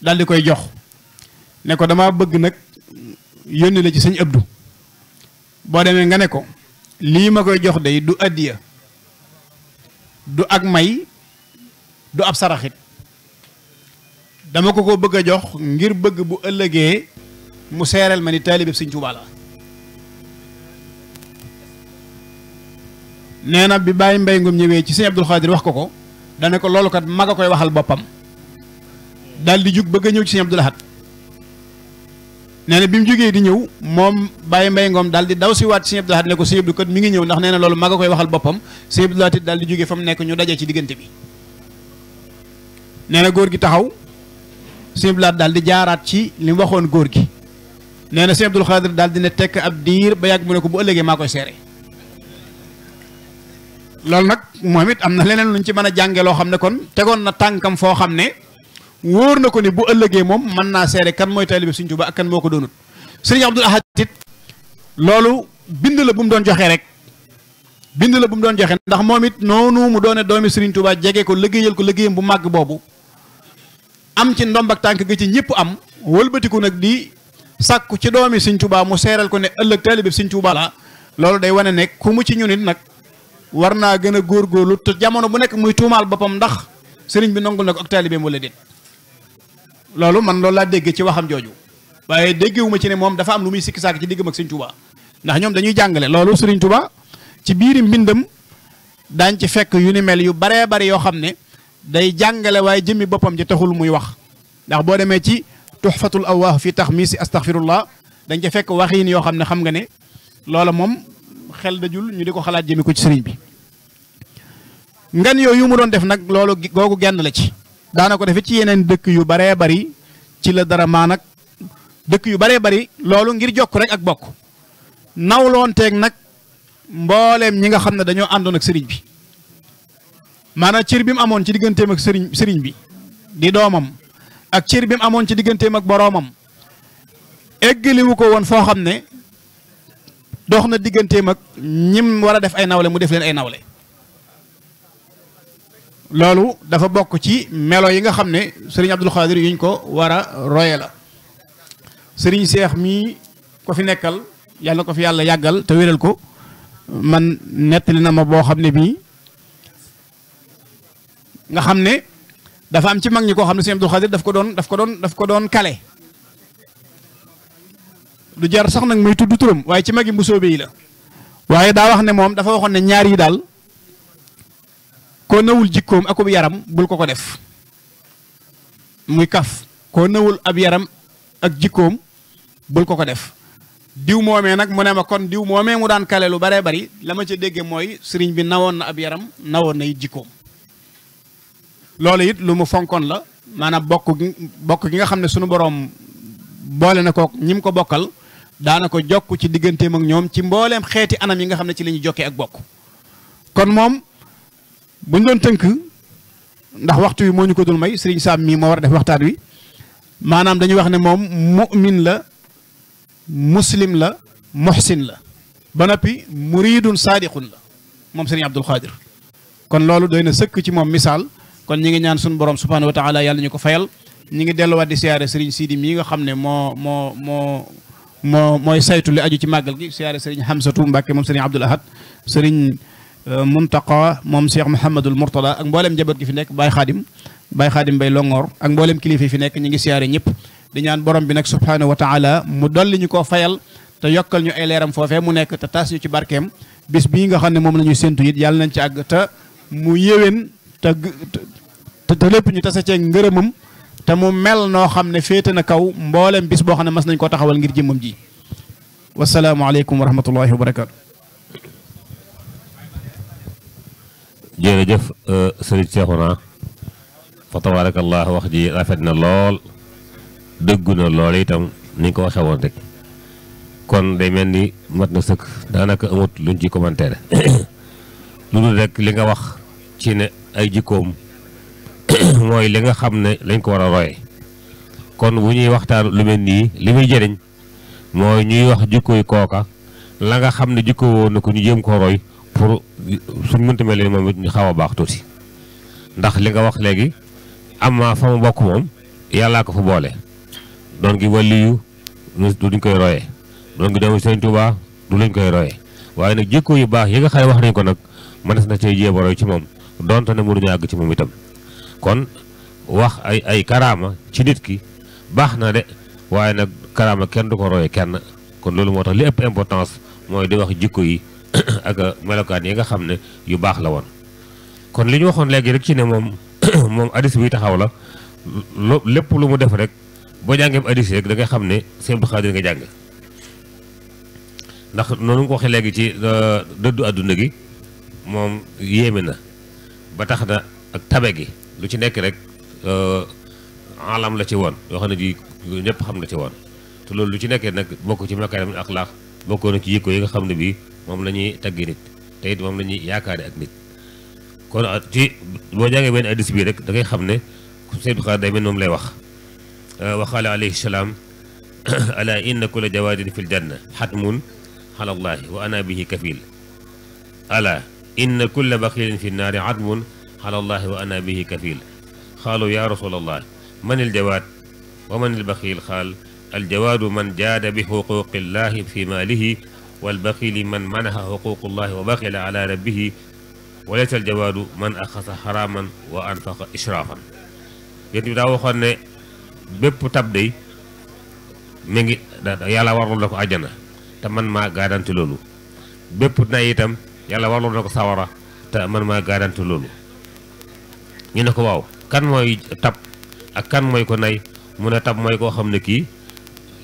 daal di koy jox ne ko dama bëgg nag yónni la ci sëñ ëbdu boo demee nga ne ko lii ma koy jox day du addiya du ak may du ab saraxit dama ko ko bëgg a jox ngir bëgg bu ëllëgee mu seereel ma ni taalibeeb Sëñ Tuubaa nee na bi bàyyi mbay ngum ñëwee ci sëñ Abdul Xaadir wax ko ko dana ko loolu kat mag a koy waxal boppam daal di jug bëgg ñëw ci sëñ Abdul Ahad nee bi mu jógee di ñëw moom Baye Mbaye Ngom daal di daw siwaat waat Sëñ Abdou ne ko Sëñ Abdou mi ngi ñëw ndax nee na loolu mag a koy waxal boppam Sëñ Abdou Lahad it di jógee fa mu nekk ñu daje ci diggante bi nee na góor gi taxaw Sëñ Abdou daal di jaaraat ci li waxoon góor gi nee na Sëñ Abdou daal di ne tekk ab diir ba yàgg mu ne ko bu ëllëgee maa koy seere loolu nag moom it am na leneen lu ñu ci mën a jànge loo xam ne kon tegoon na tànkam foo xam ne wóor na ko ni bu ëllëgee moom mën naa seere kan mooy taalibe Sëriñ Tuubaa ak kan moo ko doonut Sëriñ Abdul Ahad it loolu bind la bu mu doon joxe rek bind la bu mu doon joxe ndax moom it noonu mu doone doomi Sëriñ Tuubaa jege ko liggéeyal ko liggéeyam bu màgg boobu am ci ndomb tànk ga ci ñëpp am wëlbatiku nag di sàkku ci doomi Sëriñ Tuubaa mu seeral ko ne ëllëg taalibe Sëriñ Tuubaa la loolu day wane ne ku mu ci ñun it nag war naa gën a góor góorlu te jamono bu nekk muy tuumaal boppam ndax sëriñ bi nangul na ko ak wala déet loolu man loolu laa dégge ci waxam jooju waaye déggewuma ci ne moom dafa am lu muy sikki saak ci diggam ak sëñ Touba ndax ñoom dañuy jàngale loolu sëriñ Touba ci biiri mbindam daañ ci fekk yu ni mel yu baree bari yoo xam ne day jàngale waaye jëmmi boppam ji taxul muy wax ndax boo demee ci tuxfatul awwaah fi taxmiisi astaghfirullah dañ ca fekk waxiin yoo xam ne xam nga ne loola moom xel dajul ñu di ko xalaat jëmi ko ci sëriñ bi ngan yooyu mu doon def nag loolu googu genn la ci daana ko defit ci yeneen dëkk yu baree bari ci la dara maa nag dëkk yu baree bari loolu ngir jokk rek ak bokk nawloonteeg nag mbooleem ñi nga xam ne dañoo àndoon ak sëriñ bi maanaam cër bi mu amoon ci digganteem ak sëriñ sëriñ bi di doomam ak cër bi amoon ci digganteem ak boroomam eggaliwu ko woon foo xam ne dox na digganteem ak ñim wara def ay nawle mu def leen ay nawle loolu dafa bokk ci melo yi nga xam ne sëriñ Abdul Xaadir yuñ ko war a roye la sëriñ Seex mii ko fi nekkal yàlla ko fi yàlla yàggal te wéral ko man nettali na ma boo xam ne mii nga xam ne dafa am ci mag ñi koo xam ne sëriñ Abdul Xaadir daf ko doon daf ko doon daf ko doon kale du jar sax nag muy tudd turam waaye ci magi mbusoobe yi la waaye daa wax ne moom dafa waxoon ne ñaar yi daal koo nawul jikkoom akub yaram bul ko ko def muy kaf koo nawul ab yaram ak jikkoom bul ko ko def diw moomee nag mu ne ma kon diw moomee mu daan kale lu baree bari la ma ca dégge mooy sëriñ bi nawoon na ab yaram nawoon na it jikkoom loolu it lu mu fonkoon la maanaam bokk bokk gi nga xam ne sunu boroom boole na ko ñi mu ko bokkal daana ko jokk ci digganteem ak ñoom ci mbooleem xeeti anam yi nga xam ne ci lañuy jokkee ak bokk kon moom bu ñu doon tënk ndax waxtu wi moo ñu ko dul may Serigne Sam mii moo war a def waxtaan wi maanaam dañuy wax ne moom mu'min la muslim la muhsin la ba noppi muridun saadiqun la moom Serigne Abdou Khadre kon loolu doy na sëkk ci moom misaal kon ñi ngi ñaan suñu borom subhaanahu wa taala yàlla ñu ko fayal ñi ngi delluwaat di siyaare Serigne Sidi mii nga xam ne moo moo moo moo mooy saytu li aju ci màggal gi siyaare Serigne Hamsatu Mbàkke moom Serigne Abdoul Ahad Serigne Euh, Muntaqa moom Cheikh Mouhamadul Mourtada ak mboolem njaboot gi fi nekk Baye Khadim Baye Khadim Baye Longoor ak mboolem kilifa yi fi nekk ñu ngi siyaare ñëpp di ñaan borom bi nag subhaanahu wa taala mu dolli ñu koo fayal te yokkal ñu ay leeram foofee mu nekk te taas ñu ci barkeem bis bii nga xam ne moom la ñuy séntu it yàlla nañ ci àgg te mu yéwén te te lépp ñu tase cee ngërëmam te mu mel noo xam ne féete na kaw mboolem bis boo xam ne mas nañ koo taxawal ngir jëmmam ji wasalaamualeykum wa rahmatullahi wa barakatu jërëjëf sëriñ euh, Seexuna fa tabaarakallah wax ji rafet na lool dëggu na lool itam ni ko waxee woon rek kon day mel ni mat na sëkk daanaka amut luñ ci commentaire lu dul rek li nga wax ci ne ay jikkoom mooy li nga xam ne lañ ko war a roye kon bu ñuy waxtaan lu mel nii li muy jëriñ mooy ñuy wax jikkooy kooka la nga xam ne jikkoo woon na ñu jéem ko roy pour suñ mënta mel ni moom it ñu xaw a baax tuuti ndax li nga wax léegi am amaa fa mu bokk moom yàllaa ko fa boole doon gi waliyu du duñ koy roye doon gi doomu Sëñ Tuubaa du lañ koy royee waaye nag jikko yu baax yi nga xam ne wax nañ ko nag mënees na cee jéem roy ci moom donte ne mënuñu àgg ci moom itam kon wax ay ay karaama ci nit ki baax na de waaye nag karaama kenn du ko royee kenn kon loolu moo tax li ëpp importance mooy di wax jikko yi ak melokaan yi nga xam ne yu baax la woon kon li ñu waxoon léegi rek ci ne moom moom addis buy taxaw la lo lépp lu mu def rek boo jàngee addis rek da ngay xam ne Sëñ Abdou Khadre jàng ndax noonu nga ko waxee léegi ci euh, dëddu adduna gi moom yéeme na ba tax na ak tabe gi lu ci nekk rek euh, alam la ci woon yoo xam ne ji ñëpp xam na ci woon te loolu lu ci nekkee nag bokk ci melokaan ak laax bokkoon na ci yëg ko yi nga xam ne bii moom la ñuy tagg nit te it moom la ñuy yaakaare ak nit kon ci boo jàngee benn addis bii rek da ngay xam ne Sëñ Abdou Khadre day mel moom lay wax euh, wa qaala alayhi salaam ala inna kulla jawaadin fil janna xatmun ala allahi wa ana bihi kafil ala inna kulla baxilin fi naari xatmun ala allahi wa ana bihi kafil xaalu ya rasulallah man il jawaad wa man il baxil xaal aljawaadu man jaada bi xuquqi llahi fi maalihi walbaxiili man manaha xuququllahi wa baxila ala rabbihi wa laysa aljawaadu man axasa xaraaman wa anfaqa israafan yéen bi daa waxoon ne bépp tab day mi ngi yàlla warul la ko àjjana te man maa garanti loolu bépp nay itam yàlla warul na ko sawara te man maa garanti loolu ñu ne ko waaw kan mooy tab ak kan mooy ko nay mu ne tab mooy koo xam ne kii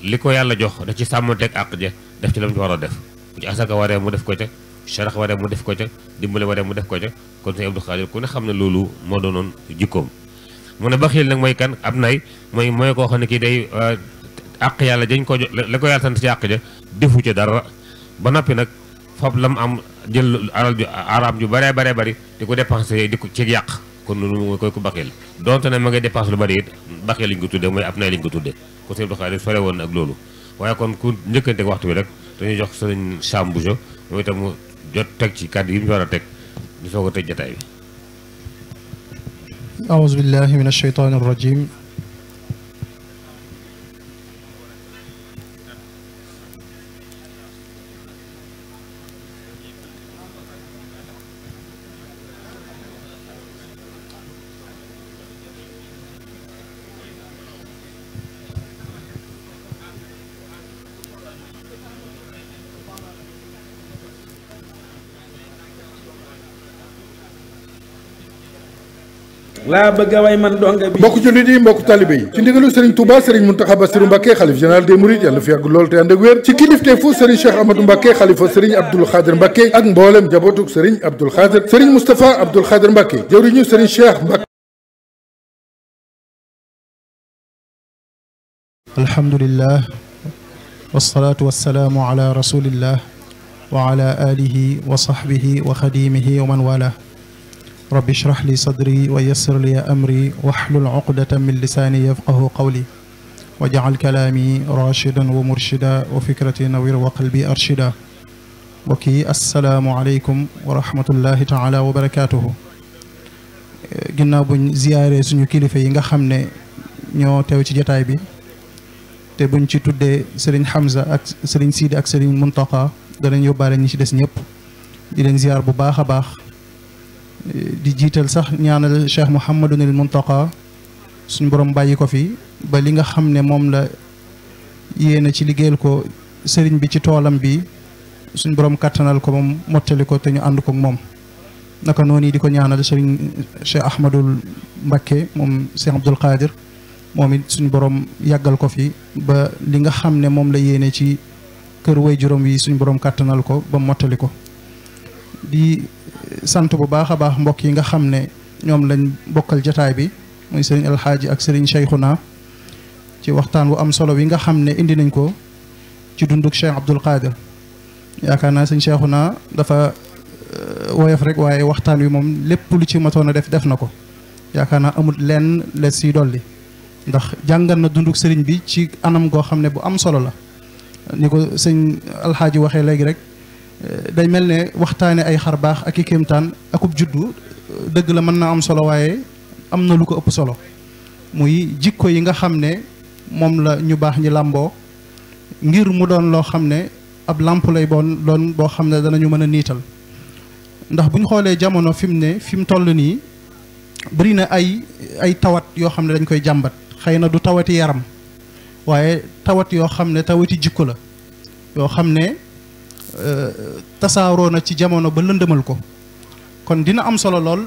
li ko yàlla jox da ci sàmmanteeg àq ja def ci la mu war a def bu ci asaka waree mu def ko ca sarax waree mu def ko ca dimbale waree mu def ko ca kon sëñ Abdou Khadir ku ne xam ne loolu moo doonoon jikkoom mu ne baxiil nag mooy kan ab nay mooy mooy koo xam ne kii day euh, àq yàlla dañ ko la ko yàlla sant ci àq ja defu ca dara ba noppi nag fab la mu am jël alal ju araam ju baree baree bari di ko dépensé di ko ci yàq kon loolu mooy koy ku baxiil donte ne ma ngay dépense lu bari it baxiil lañ ko tuddee mooy ab ko tuddee kon sëñ ak loolu waaye kon ku njëkkante waxtu bi rek dañuy jox sëriñ Sam Bousso mooy itam mu jot teg ci kàddu yi mu war a teg ñu soog a tëj jataay bi. aouzu billahi min alcheytaan arrajim laa bëgg a way man donga bi mbokk jullit yi mbokk taalibé yi ci ndigalu Serigne Touba Serigne Mountakha Bassirou Mbacké xalif général des Mourides yàlla fi yàgg lool te ànd ak wér ci kilifteefu Serigne Cheikh Amadou Mbacké xalifa Serigne Abdoul Khadir Mbacké ak mboolem jabootug Serigne Abdoul Khadir Serigne Moustapha Abdoul Khadir Mbacké jëwriñu Serigne Cheikh Mbacké alhamdulillah wasalaatu wasalaamu ala rasulillah wa ala alihi wa sahbihi wa xadimihi wa man wala rabbi ishrah li sadri wa yassir li amri wahlul uqdatan min lisaani yafqahu qawli wa jacal kalaami rachidan wa murshida wa fikrati nawir wa qalbi arshida mbokk yi assalaamu aleykum wa rahmatullahi taala wa ziyaare suñu kilifa yi nga xam ne ñoo teew ci jataay bi te buñ ci tuddee sëriñ Hamza ak sëriñ Sidi ak sëriñ Muntaqa danañ yóbbaale ñi ci des ñëpp di leen ziyaar bu baax a baax di jiital sax ñaanal Cheikh Mouhamadunil Muntaqa suñ borom bàyyi ko fi ba li nga xam ne moom la yéena ci liggéeyal ko sëriñ bi ci toolam bi suñ borom kàttanal ko moom mottali ko te ñu ànd moom naka noonu di ko ñaanal sëriñ Cheikh Mbakke moom Cheikh Abdul moom it suñ borom yàggal ko fi ba li nga xam ne moom la yéene ci kër way juróom yi borom kattanal ko ba mottali ko di sant bu baax a baax mbokk yi nga xam ne ñoom lañ bokkal jataay bi muy sëriñ alxaaji ak sëriñ naa ci waxtaan wu am solo wi nga xam ne indi nañ ko ci dunduk Cheikh Abdoul Khadir yaakaar naa sëñ naa dafa euh, woyof rek waaye waxtaan wi moom lépp lu ci matoon a def def na ko yaakaar naa amul lenn les si dolli ndax jàngal na dunduk sëriñ bi ci anam goo xam ne bu am solo la ni ko sëñ alxaaji waxee léegi rek day mel ne waxtaane ay xar baax ak i akub juddu dëgg la mën naa am solo waaye am na lu ko ëpp solo muy jikko yi nga xam ne moom la ñu baax ñi làmboo ngir mu doon loo xam ne ab làmp lay boon doon boo xam ne danañu mën a niital ndax bu ñu xoolee jamono fi mu ne fi mu toll nii bëri na ay ay tawat yoo xam ne dañ koy jàmbat xëy na du tawati yaram waaye tawat yoo xam ne tawati jikko la yoo xam ne Euh, tasaaroo na ci jamono ba lëndëmal ko kon dina am solo lool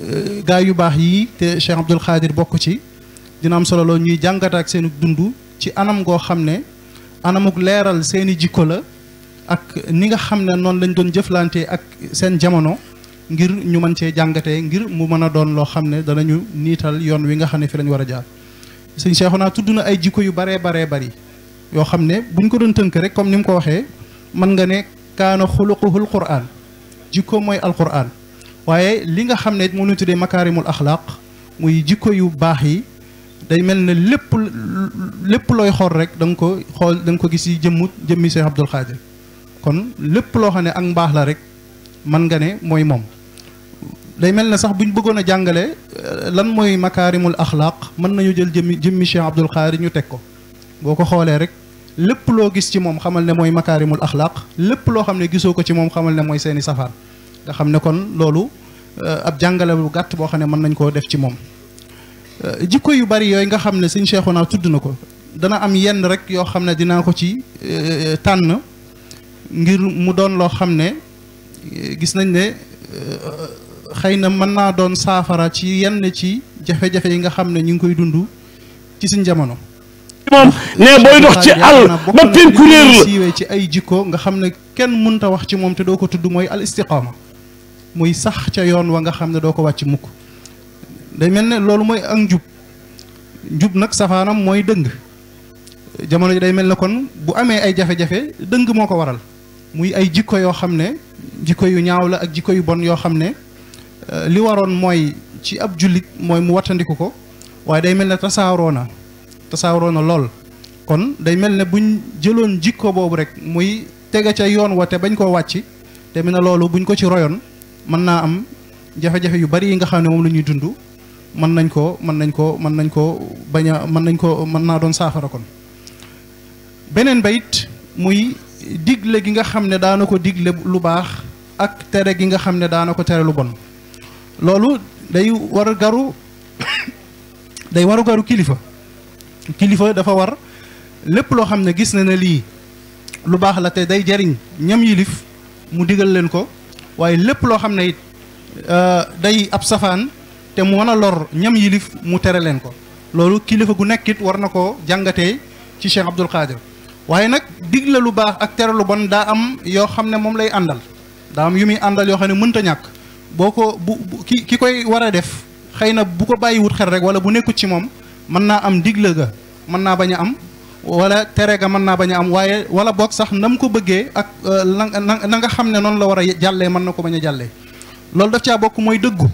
euh, gaa yu baax yii te Cheikh Abdoul Khadir bokk ci dina am solo lool ñuy jàngat ak seen dund ci anam goo xam ne anamuk leeral seeni jikko la ak ni nga xam ne noonu lañ doon jëflante ak seen jamono ngir ñu mën cee jàngatee ngir mu mën a doon loo xam ne danañu niital yoon wi nga xam ne fi lañ war a jaar sëñ naa tudd na ay jikko yu baree baree bari yoo xam ne buñ ko doon tënk rek comme ni mu ko waxee mën nga ne kaana xuluquhul quraan jikko mooy alquraan waaye li nga xam ne it mënu tuddee makaarimul axlaaq muy jikko yu baax yi day mel ne lépp lépp looy xool rek danga ko xool danga ko gis yi jëmmu jëmmi Seex Abdul Xaadir kon lépp loo xam ne ak mbaax la rek mën nga ne mooy moom day mel ne sax buñ bëggoon a jàngale euh, lan mooy makaarimul axlaaq mën nañu jël jëmmi jëmmi Cheikh Abdul Xaadir ñu teg ko boo ko xoolee rek lépp loo gis ci moom xamal ne mooy makaarimul axlaaq lépp loo xam ne gisoo ko ci moom xamal ne mooy seeni safaan nga xam ne kon loolu euh, ab jàngale bu gàtt boo xam ne mën nañ koo def ci moom euh, jikko yu bari yooyu nga xam ne sëñ Cheikhouna tudd na ko dana am yenn rek yoo xam ne dinaa ko ci euh, tànn ngir mu doon loo xam ne gis nañ ne xëy na mën naa doon saafara ci yenn ci jafe-jafe yi nga xam ne ñu ngi koy dund ci suñ jamono moom ne booy dox ci àll ba ku réer la siiwee ci ay jikko nga xam ne kenn mënta wax ci moom te doo ko tudd mooy al istiqaama muy sax ca yoon wa nga xam ne doo ko wàcc mukk day mel ne loolu mooy ak njub njub nag safaanam mooy dëng jamono ji day mel ne kon bu amee ay jafe dëng moo ko waral muy ay jikko yoo xam ne jikko yu ñaaw la ak jikko yu bon yoo xam ne euh, li waroon mooy ci ab jullit mooy mu wattandiku ko waaye day mel ne tasaaroo na tasaaroo na lool kon day mel ne buñ jëloon jikko boobu rek muy tege ca yoon wa te bañ koo wàcc te mu ne loolu buñ ko ci royoon mën naa am jafe-jafe yu bari yi nga xam ne moom la ñuy dund mën nañ ko mën nañ ko mën nañ ko bañ a mën nañ ko mën naa doon saafara kon beneen bayit muy digle gi nga xam ne daana ko digle lu baax ak tere gi nga xam ne daana ko tere lu bon loolu day war garu day waru garu kilifa kilifa dafa war lépp loo xam ne gis na ne lii lu baax la te day jariñ ñam yilif mu digal leen ko waaye lépp loo xam ne it euh, day ab safaan te mu mën a lor ñam yilif mu tere leen ko loolu kilifa gu nekkit war na koo jàngatee ci Cheikh Abdoul Khadir waaye nag digle lu baax ak tere lu bon daa am yoo xam ne moom lay àndal daa am yu muy àndal yoo xam ne mënta ñàkk boo ko bu ki ki koy war a def xëy na bu ko bàyyiwut xel rek wala bu nekkut ci moom mën naa am digle ga mën naa bañ a am wala tere ga mën naa bañ am waaye wala boog sax na mu ko bëggee ak euh, na na nga xam ne noonu la war a jàllee mën na ko bañ a jàllee loolu daf caa bokk mooy dëggu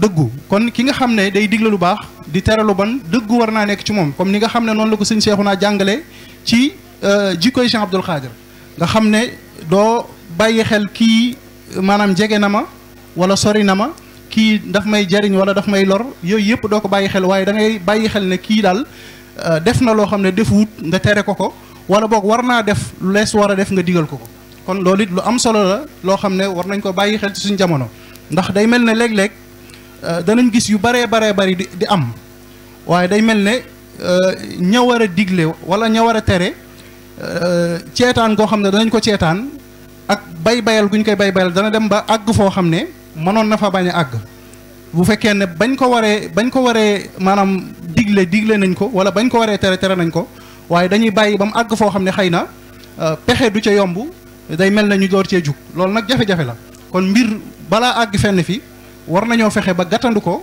dëggu kon ki nga xam ne day digle lu baax di tere lu bon dëggu war naa nekk ci moom comme ni nga xam ne noonu la ko sëñ Seexuna jàngale ci euh, jikkoy Cheikh Abdoul Khadir nga xam ne doo bàyyi xel kii maanaam jege na ma wala sori na ma kii daf may jariñ wala daf may lor yooyu yëpp doo ko bàyyi xel waaye dangay ngay bàyyi xel ne kii daal euh, def na loo xam ne defuwut nga tere ko ko wala boog war naa def lu lees war a def nga digal ko ko kon loolu it lu am solo la loo xam ne war nañ ko bàyyi xel ci suñ jamono ndax day mel ne léeg-léeg euh, danañ gis yu baree baree bari di am waaye day mel ne euh, ña war a digle wala ña war a tere ceetaan goo xam ne danañ ko ceetaan ak bay bayal gu ñu koy bay bayal dana dem ba àgg foo xam ne mënoon na fa bañ a àgg bu fekkee ne bañ ko waree bañ ko waree maanaam digle digle nañ ko wala bañ ko waree tere tere nañ ko waaye dañuy bàyyi ba mu àgg foo xam ne xëy na euh, pexe du ca yomb day mel na ñu door cee jug loolu nag jafe-jafe la kon mbir balaa àgg fenn fi war nañoo fexe ba gàttandu ko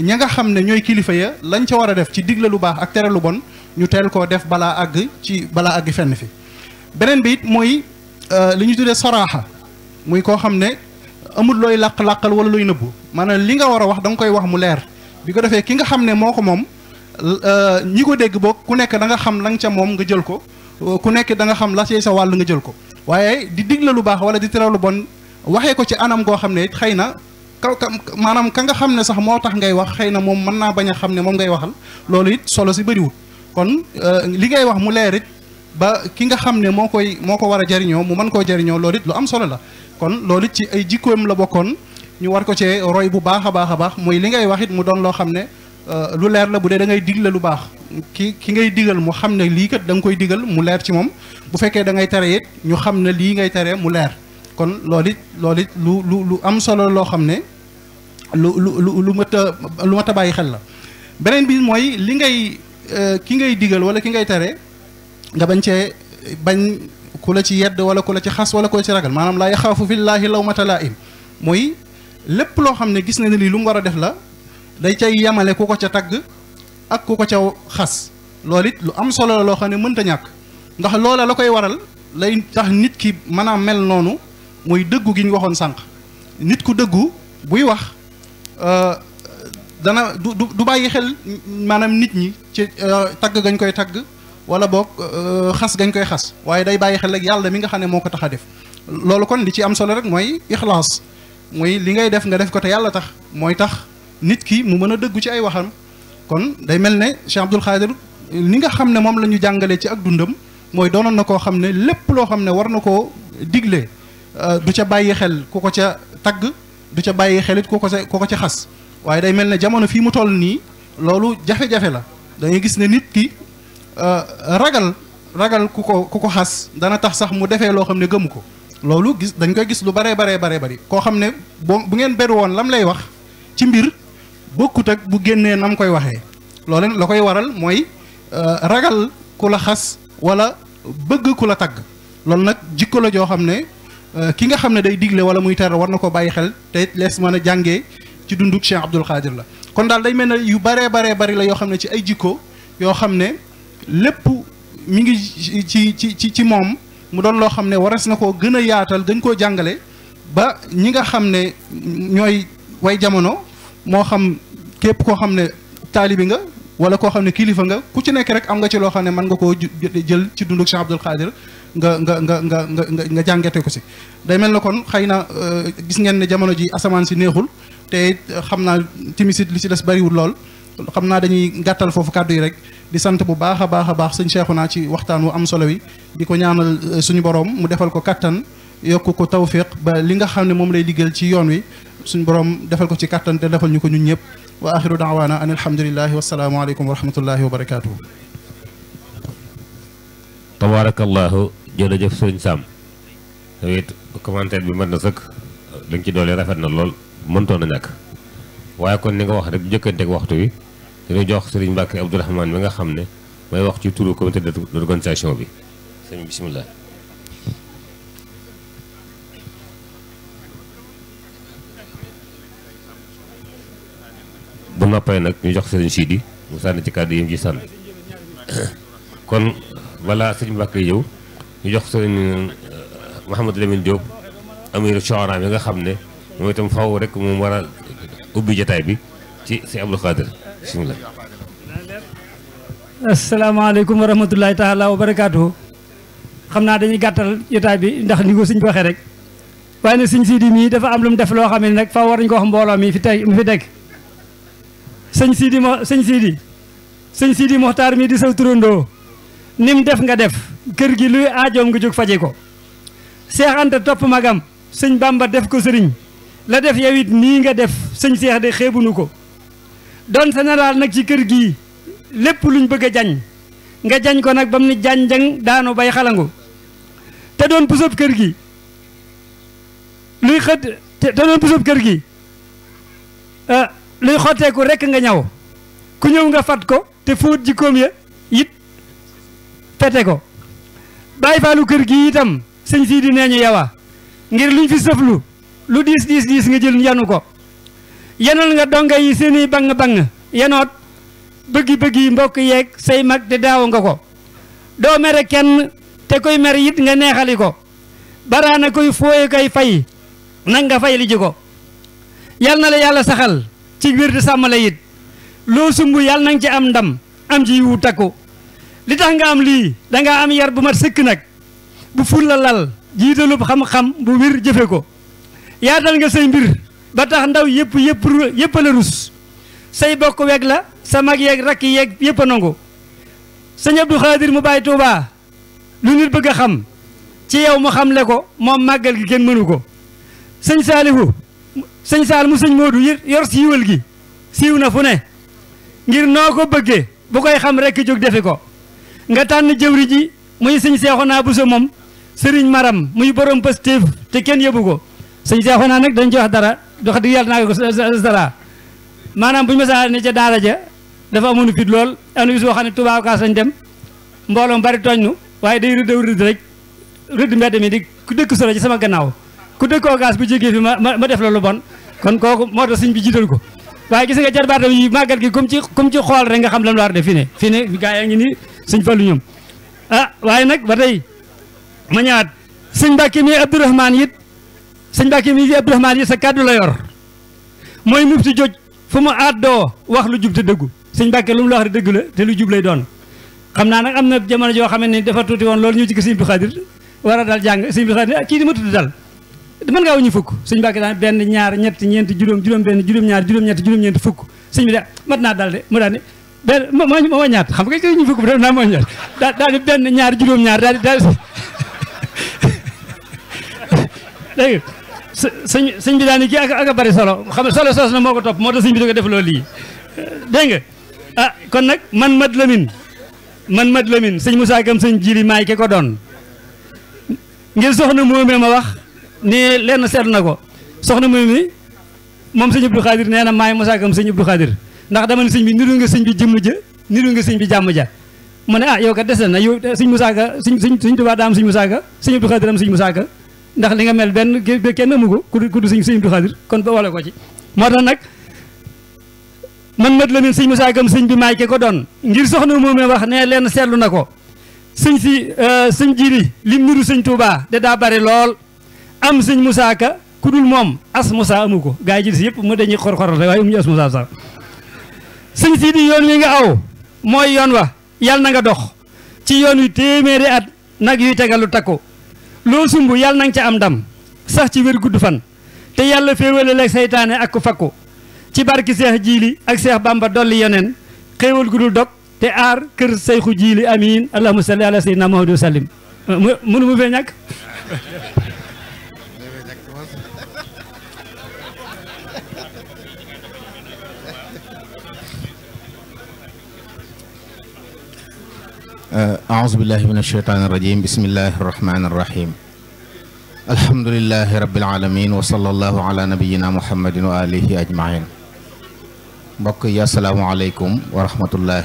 ña nga xam ne ñooy kilifa ya lañ ca war a def ci digle lu baax ak tere lu bon ñu teel koo def balaa àgg ci balaa àgg fenn fi beneen bi it mooy euh, li ñu tuddee saraaxa muy koo xam ne amul looy làq-làqal wala looy nëbbu maanaam li nga war a wax danga koy wax mu leer bi ko defee ki nga xam ne moo ko moom euh, ñi ko dégg boog ku nekk da nga xam la nga ca moom nga jël ko euh, ku nekk da nga xam la sa wàll nga jël ko waaye di digle lu baax wala di teralu lu bon waxee ko ci anam koo xam ne it xëy na ka maanaam ka nga xam ne sax moo tax ngay wax xëy na moom mën naa bañ a xam ne moom ngay waxal loolu it solo si bëriwul kon euh, li ngay wax mu leer it ba ki nga xam ne moo koy moo ko war a jariñoo mu man koo jariñoo loolu it lu am solo la kon loolu it ci ay jikkoom la bokkoon ñu war ko cee roy bu baax a baax a baax mooy li ngay wax it mu doon loo xam ne euh, lu leer la bu dee da ngay digle lu baax ki ki ngay digal mu xam ne lii kat da koy digal mu leer ci moom bu fekkee da ngay tere ñu xam ne lii ngay tere mu leer kon lool it loolu it lu lu lu am solo loo xam ne lu lu lu lu mat bàyyi xel la beneen bi mooy li ngay euh, ki ngay digal wala ki ngay tere. nga bañ cee bañ ku la ci yedd wala ku la ci xas wala ko ci ragal maanaam laay yaxaafu fillaahi lawmata laa'im mooy lépp loo xam ne gis na ne lii lu mu war a def la day cay yemale ku ko ca tagg ak ku ko ca xas loolu it lu am solo la loo xam ne mënta ñàkk ndax loola la koy waral lay tax nit ki mën mel noonu mooy dëggu giñ waxoon sànq nit ku dëggu buy wax euh, dana du du bàyyi xel maanaam nit ñi ci euh, tagg gañ koy tagg wala boog euh, xas gañ koy xas waaye day bàyyi xel ak yàlla mi nga xam ne moo ko tax a def loolu kon li ci am solo rek mooy ixlaas mooy li ngay def nga def ko te yàlla tax mooy tax nit ki mu mën a dëggu ci ay waxam kon day mel ne Cheikh Abdoul Khadir li nga xam ne moom la ñu jàngalee ci ak dundam mooy doonoon na koo xam ne lépp loo xam ne war na koo digle euh, du ca bàyyi xel ku ko ca tagg du ca bàyyi xelit ku ko ca ku ko ca xas waaye day mel ne jamono fii mu toll nii loolu jafe la Euh, ragal ragal ku ko ku ko xas dana tax sax mu defee loo xam ne gëmu ko loolu gis dañ koy gis lu baree baree baree bari koo xam ne boo bu ngeen beru woon lam lay wax ci mbir bokkut ak bu génnee nam koy waxee loole la koy waral mooy euh, ragal ku la xas wala bëgg ku la tagg loolu nag jikko la joo xam ne euh, ki nga xam ne day digle wala muy tere war na ko bàyyi xel te lees mën a jàngee ci dunduk Cheikh Abdoul Khadir la kon daal day mel ne yu baree bare bari la yoo xam ne ci ay jikko yoo xam ne lépp mi ngi ci ci ci ci moom mu doon loo xam ne waras na koo gën a yaatal gën koo jàngale ba ñi nga xam ne ñooy way jamono moo xam képp koo xam ne taalibi nga wala koo xam ne kilifa nga ku ci nekk rek am nga ci loo xam ne mën nga koo jël ci dunduk Cheikh Abdoul Khadir nga nga nga nga nga nga jàngate ko si day mel na kon xëy na euh, gis ngeen ne jamono ji asamaan si neexul te xam naa timisit li si des bariwul lool xam naa dañuy gàttal foofu kàddu yi rek di sant bu baax a baax a baax sëñ naa ci waxtaan wu am solo wi di ko ñaanal euh, suñu boroom mu defal ko kattan yokk ko tawfiq ba li nga xam ne moom lay diggal ci yoon wi suñu borom defal ko ci kattan te defal ñu ko ñun ñëpp wa axiru daawaana an alhamdulilahi wasalaamualeykum wa rahmatullahi wa barakaatuhu. tabaarakallaahu jërëjëf sëñ Sam. te it commentaire bi mën na sëkk li ci doole rafet na lool mëntoon na ñàkk. waaye kon ni nga wax rek jëkkanteeg waxtu wi dañu jox sëriñ Mbàkke Abdourahman mi nga xam ne mooy wax ci turu comité d'organisation bi sëriñ bisimilah. bu nag ñu jox sëriñ Sidi mu sànni ci kàddu yi ci sànni balaa sëriñ Mbàkke yow ñu jox sëriñ euh, Mouhamadou Lamine nga xam ne moom itam faw rek mu war ubbi jotaay bi ci si Abdou Khadir bisimilah. asalaamaaleykum wa rahmatulahi taala wa barakaatu. xam naa dañuy gàttal jotaay bi ndax ni ko suñ ko waxee rek. waaye nag sëñ Sidi mii dafa am lu mu def loo xam ne nag fa war nañu wax mbooloo mi fi teg mi fi Sidi mo sëñ Sidi sëñ Sidi Moxtaar mii di saw turandoo ni mu def nga def kër gi luy aajoom nga jóg faje ko Seex Anta topp magam sëñ Bamba def ko sëriñ la def yow it nii nga def sëñ seex de xeebunu ko doon général nag ci kër gi lépp luñ bëgg a jañ nga jañ ko nag bam ni jañ-jang daanu bay xalangu te doon pusab kër gi luy xët te doon pusab kër gi ah, luy xotteeku rekk nga ñaw ku ñëw nga fat ko te fóot jikkoom ya it fete ko bàyyi faalu kër gi tam sëñ sii di nee ñu yawa ngir luñ fi sëflu lu diis diis diis nga jël yanu ko yanal nga donga yi seeni bang bang yanoot bëggi bëggi mbokk yeeg say mag te daaw nga ko doo mere kenn te koy mer it nga neexali ko baraana koy fooye koy fay nag nga fay li ko yal na la yàlla saxal ci biir di sàmm la it loo sumb yàlla na ci am ndam am ci yiwu takku li tax nga am lii danga am yar bu mat sëkk nag bu ful la lal jiitalub xam-xam bu wir jëfe ko yaatal nga sëy mbir ba tax ndaw yëpp yëpp yëpp la rus say bokk weg la sa mag yeeg rakk yeeg yëpp a nangu sëñ Abdou mu bàyyi Touba lu nit bëgg xam ci yow mu xamle ko moom màggal gi kenn mënu ko sëñ Saalihu sëñ Saal mu sëñ Moodu yor siiwal gi siiw na fu ne ngir noo ko bëggee bu koy xam rekk jóg defi ko nga tànn jëwri ji muy sëñ Seexuna sa moom sëriñ Maram muy borom Pastef te kenn yebu ko sëñ Seexuna nag dañ ci wax dara wax dëgg yàlla naa ko dara maanaam bu ñu mësaa ne ca daara ja dafa amoon fit lool am na bis boo xam ne Touba Kaas lañ dem mbooloo bari tooñ nu waaye day rëdd rëdd rek rëdd mbedd mi di ku dëkk solo ci sama gannaaw ku dëkkoo kaas bu jógee fi ma ma def loolu bon kon kooku moo tax sëñ bi jiital ko waaye gis nga jarbaatam yi màggal gi comme ci comme ci xool rek nga xam lan la war def fi ne fi ne gaa yaa ngi ni sëñ Fallu ñoom ah waaye nag ba tey ma ñëwaat sëñ Mbàkke mi Abdourahmane it sëñ Mbàkke mi fi Abdourahmane yi sa kàddu la yor mooy mufti joj fu mu àddoo wax lu jub te dëggu sëñ Mbàkke lu mu la wax dëgg la te lu jub lay doon xam naa nag am na jamono joo xam ni dafa tuuti woon loolu ñu ci gis sëñ bi Xaadir war a dal jàng sëñ bi Xaadir ah, kii di ma tudd dal mën ngaa wuñu fukk sëñ Mbàkke daan benn ñaar ñett ñeent juróom juróom benn juróom ñaar juróom ñett juróom ñeent fukk sëñ mat naa dal de mu daal ne benn moo moo ñaat xam nga ñu fukk bi def naa moo ñaat daal di benn ñaar juróom ñaar daal di daal dégg sëñ sëñ bi daani kii ak ak a bari solo xam solo soos na moo ko topp moo tax sëñ bi da ko def loolu lii dégg nga ah kon nag man mat lamin man mad lamin sëñ Moussa Kam sëñ jili maay ki ko doon ngir soxna moomee ma wax ni lenn seetlu na ko soxna moomee moom sëñ Abdou Khadir na maay Moussa Kam sëñ Abdou Khadir ndax dama ne sëñ bi niru nga sëñ bi jëmm ja niru nga sëñ bi jàmm ja mu ne ah yow kat des na yow sëñ Moussa Ka sëñ sëñ sëñ Tuubaa daam sëñ Moussa Ka sëñ Abdou am sëñ Moussa ndax li nga mel benn kenn amu ko ku du sëñ sëñ Abdou Khadir kon ba wala ko ci moo tax nag man mat la min sëñ Moussa Gam sëñ bi maay ke ko doon ngir soxna moomee wax ne leen seetlu na ko sëñ si euh, sëñ jiri lim niru sëñ Touba de daa bari lool am sëñ Moussa Ka ku moom as Moussa amu ko gaa yi jël si yëpp mu dañuy xor-xoral waaye amuñu as Moussa sax sëñ si di yoon wi nga aw mooy yoon wa yàlla na nga dox ci yoon wi téeméeri at nag yuy tegalu takku loo sumb yàlla na nga am dam sax ci wér gudd fan te yàlla féewale la seytaane ak ku fakku ci barki seex jiili ak seex bamba dolli yeneen xéewal gu dul dog te aar kër seyxu jiili amiin allahumma salli ala sayyidina muhammad wa sallim euh, mënu mu fee ñàkk Uh, aousubillahi min alsheytaan irrajim bismillahi arrahmani irrahim alhamdulilahi rabilalamin wa wa alihi ajmain mbokk yi asalaamualeykum wa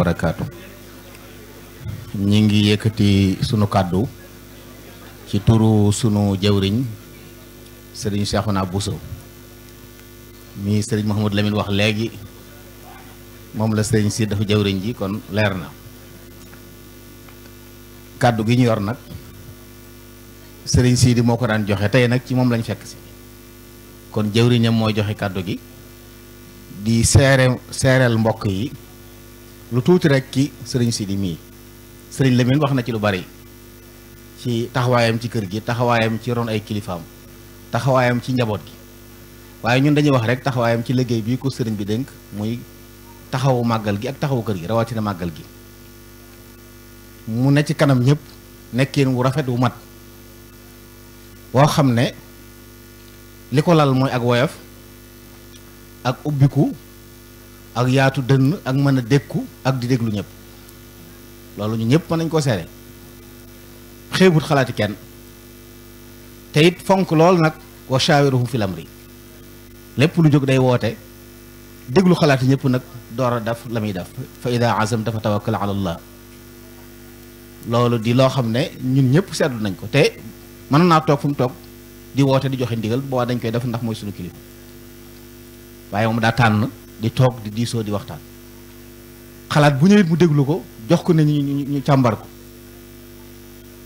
barakaatu ñi ngi yëkkati sunu kàddu ci turu sunu jawriñ sëriñ Cheikhouna Bousso mi sëriñ Mouhamadou Lamine wax léegi moom la sëriñ si dafa jawriñ ji kon leer na kàddu gi ñu yor nag sëriñ Sidi moo ko daan joxe tey nag ci moom lañ fekk si kon jëwriñam mooy joxe kàddu gi di seere seereel mbokk yi lu tuuti rek ki sëriñ Sidi mii sëriñ lemin wax na ci lu bari ci taxawaayam ci kër gi taxawaayam ci ron ay kilifaam taxawaayam ci njaboot gi waaye ñun dañuy wax rek taxawaayam ci liggéey bii ko sëriñ bi dénk muy taxawu màggal gi ak taxawu kër gi rawatina màggal gi mu ne ci kanam ñëpp nekkin wu rafet wu mat woo xam ne li ko lal mooy ak woyof ak ubbiku ak yaatu dënn ak mën a dékku ak di déglu ñëpp loolu ñu ñëpp mën nañ koo seere xeebut xalaati kenn te it fonk lool nag wa shaawiruhum fil lépp lu jóg day woote déglu xalaati ñëpp nag door a def la muy def fa ida azamta fa tawakkal ala loolu di loo xam ne ñun ñëpp seetlu nañ ko te mën naa toog fu mu toog di woote di joxe ndigal boo dañ koy def ndax mooy suñu kilifa waaye moom daa tànn di toog di diisoo di waxtaan xalaat bu ñëwit mu déglu ko jox ko ne ñu ñu càmbar ko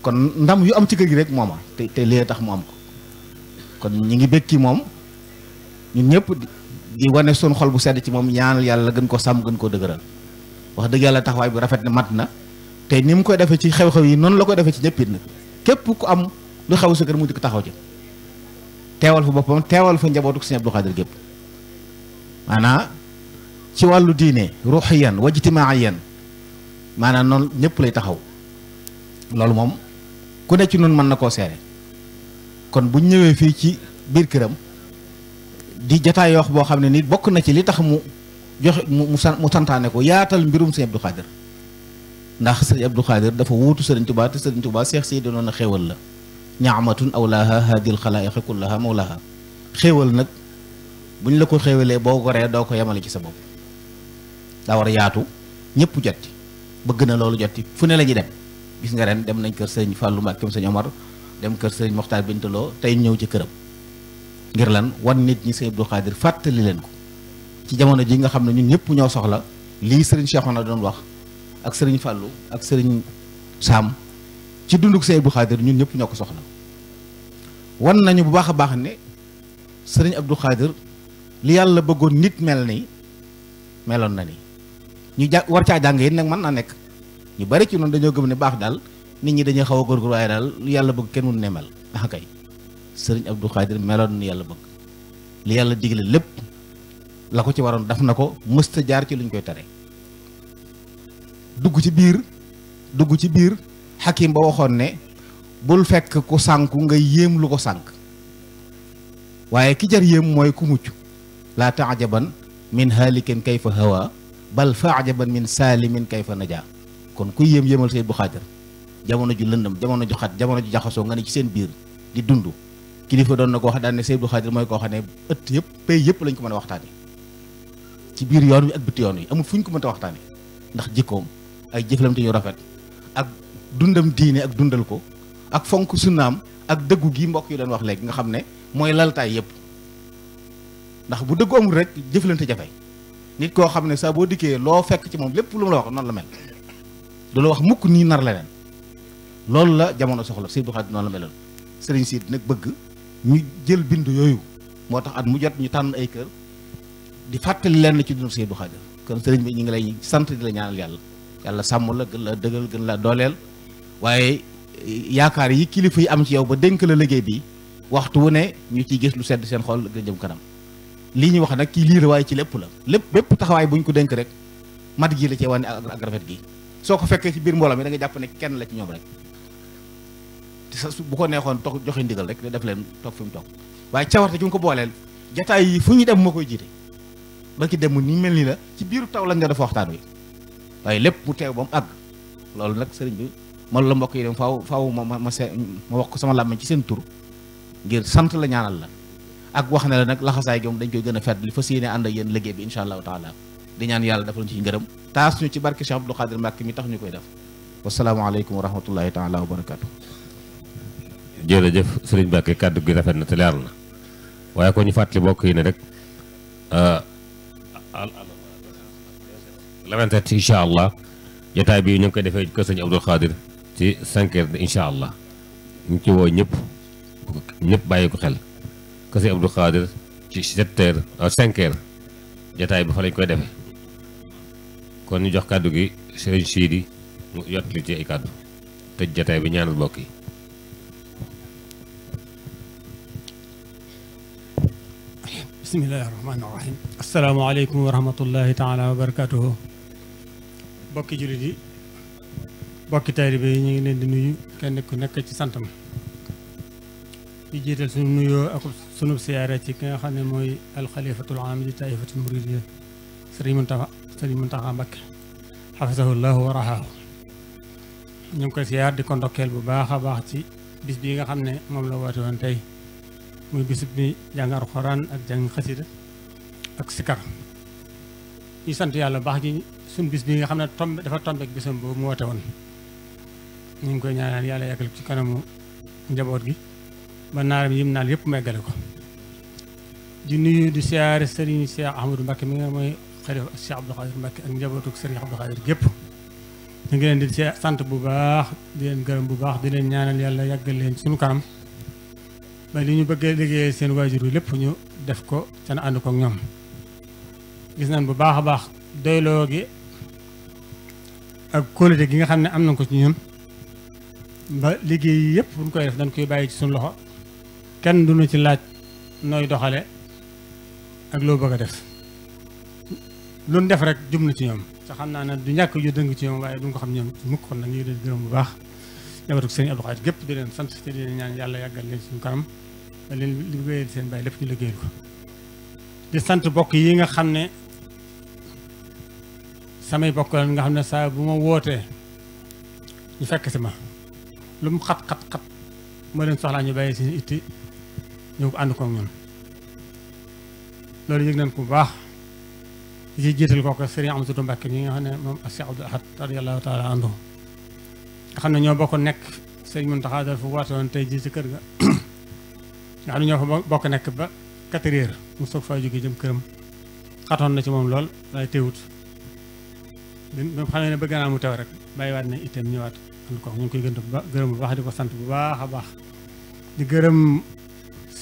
kon ndam yu am ci kër gi rek mooma te te lee tax mu am ko kon ñi ngi bëgg ci moom ñun ñëpp di wane suñu xol bu sedd ci moom ñaan yàlla gën koo sàmm gën koo dëgëral wax dëgg yàlla taxawaay bu rafet na mat na tey ni mu koy defee ci xew-xew yi noonu la koy defee ci ñëppit képp ku am lu xew sa kër mu dikk taxaw ci teewal fa boppam teewal fa njabootu Sëriñ Abdou Khadre gépp maanaam ci wàllu diine ruuxiyan wa yenn maanaa noonu ñëpp lay taxaw loolu moom ku ne ci noonu mën na koo seere kon bu ñëwee fii ci biir këram di jotaay yoo boo xam ne nit bokk na ci li tax mu joxe mu santaane ko yaatal mbirum Sëriñ Abdou Khadre ndax sëriñ Abdou Khadir dafa wuutu sëriñ Tuubaa te sëriñ Tuubaa seex si danoon a xéewal la ñaamatun awlaaha haadil xalaa'iqi kullaha mawlaaha xéewal nag buñ la ko xéewalee boo goree doo ko yemale ci sa bopp daa yaatu ñëpp jot bëgg na loolu jot ci fu ne la ñuy dem gis nga ren dem nañ kër sëriñ Fallou Mbacké sëriñ Omar dem kër sëriñ Moxtaar Bintaloo tey ñëw ci këram ngir lan wan nit ñi sëriñ Abdou Khadir fàttali leen ko ci jamono ji nga xam ne ñun ñëpp ñoo soxla lii sëriñ Cheikhouna doon wax ak sëriñ Fallou ak sëriñ Sam ci dunduk Sëriñ Abdou Khadir ñun ñëpp ñoo ko soxla wan nañu bu baax a baax ne sëriñ Abdou Khadir li yàlla bëggoon nit mel ni meloon na ni ñu ja war caa jàng yéen nag mën naa nekk ñu bari ci noonu dañoo gëm ne baax daal nit ñi dañuy xaw a waaye daal lu yàlla bëgg kenn mun ne mel ah kay sëriñ Abdou Khadir meloon ni yàlla bëgg li yàlla digle lépp la ko ci waroon daf na ko mësta jaar ci luñ koy tare dugg ci biir dugg ci biir xakim ba waxoon ne bul fekk ku sànku nga yéem lu ko sànk waaye ki jar yéem mooy ku mucc laa taajaban min haalikin kayfa hawa bal faajaban min saalimin kayfa najaa kon ku yéem yéemal say bu xaajar jamono ju lëndëm jamono ju xat jamono jaxasoo nga ne ci seen biir di dund kilifa doon na ko wax daan ne Seydi Abdou mooy koo xam ne ëtt yëpp pay yëpp lañ ko mën a waxtaane ci biir yoon wi ak bitti yoon wi amul fu ñu ko mën a waxtaane ndax jikkoom ay jëflante yu rafet ak dundam diine ak dundal ko ak fonk sunnaam ak dëggu gi mbokk yi doon wax léegi nga xam ne mooy laltaay yëpp ndax bu dëggu amul rek jëflante jafe nit koo xam ne saa boo dikkee loo fekk ci moom lépp lu mu la wax noonu la mel du la wax mukk nii nar leneen loolu la jamono soxla Sëriñ Abdou Khadre noonu la meloon sëriñ si nag bëgg ñu jël bind yooyu moo tax at mu jot ñu tànn ay kër di fàttali lenn ci dund Sëriñ Abdou Khadre kon sëriñ bi ñu ngi lay sant di la ñaanal yàlla yàlla sàmm la gën la dëgal gën laa dooleel waaye eh, yaakaar yi kilifa yi am ci yow ba dénk la liggéey bi waxtu wu ne ñu ci gis lu sedd seen xol gën jëm kanam lii ñu wax nag kii lii waaye ci lépp la lépp lépp taxawaay bu ñu ko dénk rek mat gi la cee wane ak rafet gi soo ko fekkee ci biir mbooloo mi da nga jàpp ne kenn la ci ñoom rek te sa bu ko neexoon toog joxe ndigal rek def leen toog fi mu toog waaye cawarte ju nga ko booleel jataay yi fu ñu dem moo koy ba ki dem ni mel nii la ci biiru taw lañ nga dafa waxtaan wi waaye lépp mu teew ba mu àgg loolu nag sëriñ bi man la mbokk yi dem faaw faaw ma ma ma wax ko sama làmmiñ ci seen tur ngir sant la ñaanal la ak wax ne la nag laxasaay gi moom dañ koy gën a fedd li fas yéene ànd ak yéen liggéey bi incha allahu taala di ñaan yàlla dafa lañ ci ngërëm taas ñu ci barke Cheikh Abdou Khadir Mbacké mi tax ñu koy def wasalaamaaleykum wa rahmatullahi taala wa barakatu jërëjëf sëriñ Mbacké kàddu gi rafet na te leer na waaye ko ñu fàtte mbokk yi ne rek euh, le 27 incha allah jotaay bi ñu ngi koy defee kër sëñ Abdou Khadir ci 5 heures incha allah ñu ci woo ñëpp bàyyi ko xel kër sëñ Abdou Khadir ci 7 heures 5 euh, jotaay bi fa lañ koy defee kon ñu jox kàddu gi sëriñ Sidi mu yott ci ay kàddu tëj jotaay bi ñaanal mbokk yi. bismillahi rahmaani rahim asalaamaaleykum wa rahmatullahi wa barakatuhu bokki jullit yi bokki taalibe yi ñu ngi leen di nuyu kenn ku nekk ci santam di jiital sunu nuyoo ak sunu siyaare ci ki nga xam ne mooy alxalifatul aam di taifatul muridiyya sëriñ Muntaxa sëriñ Muntaxa Mbakke xafisahullahu wa rahaahu ñu ngi koy siyaar di bu baax a baax ci bis bi nga xam ne moom la woote woon tey muy bisub bi jàng alxuraan ak jàng xasida ak sikar ñu sant yàlla baax gi suñu bis bi nga xam ne tombe dafa tombe ak bisam boobu mu woote woon ñu ngi koy ñaanal yàlla yàggal ci kanamu njaboot gi ba naaram yim naal yëpp meggale ko di nuyu di siyaare Serigne Cheikh Ahmadou Mbacké mi nga mooy xalifa Cheikh Abdou Khadir ak njabootuk Serigne Abdou Khadir gépp ñu ngi leen di sant bu baax di leen gërëm bu baax di leen ñaanal yàlla yàggal leen suñu kanam ba li ñu bëggee liggéey seen waajur yi lépp ñu def ko seen ànd ko ñoom gis nañ bu baax baax doyloo gi ak kóolute gi nga xam ne am nañ ko ci ñun ba liggéey yëpp buñ koy def dañ koy bàyyi ci suñ loxo kenn duñu ci laaj nooy doxale ak loo bëgg a def lu def rek jum na ci ñoom te xam naa ne du ñàkk yu dëng ci ñoom waaye du nga ko xam ñoom mukk kon nag ñu leen gërëm bu baax jabatuk sëñ Abdou Khadre gépp di leen sant te di leen ñaan yàlla leen suñu kanam seen bàyyi lépp ñu liggéeyal ko di sant bokk yi nga xam ne samay bokk lan nga xam ne saa bu ma wootee ñu fekk si ma lu mu xat xat xat moo leen soxlaa ñu bàyyi seen itti ñu ànd ko ñun loolu yëg nañ ko bu baax di ci jiital kooku Serigne Amadou Mbacke ñi nga xam ne moom ak Cheikh Abdou Ahad radiyallahu taala anhu nga xam ne ñoo bokk nekk Serigne Mountakha dal fu woote woon tey jii ci kër ga nga xam ne ñoo fa bokk nekk ba quatre heures mu soog faa jóge jëm këram xatoon na ci moom lool waaye teewut bi mu xamee ne bëgg mu taw rek bàyyiwaat na itam ñëwaat ànd ko ñu ngi koy gën a gërëm bu baax di ko sant bu baax a baax di gërëm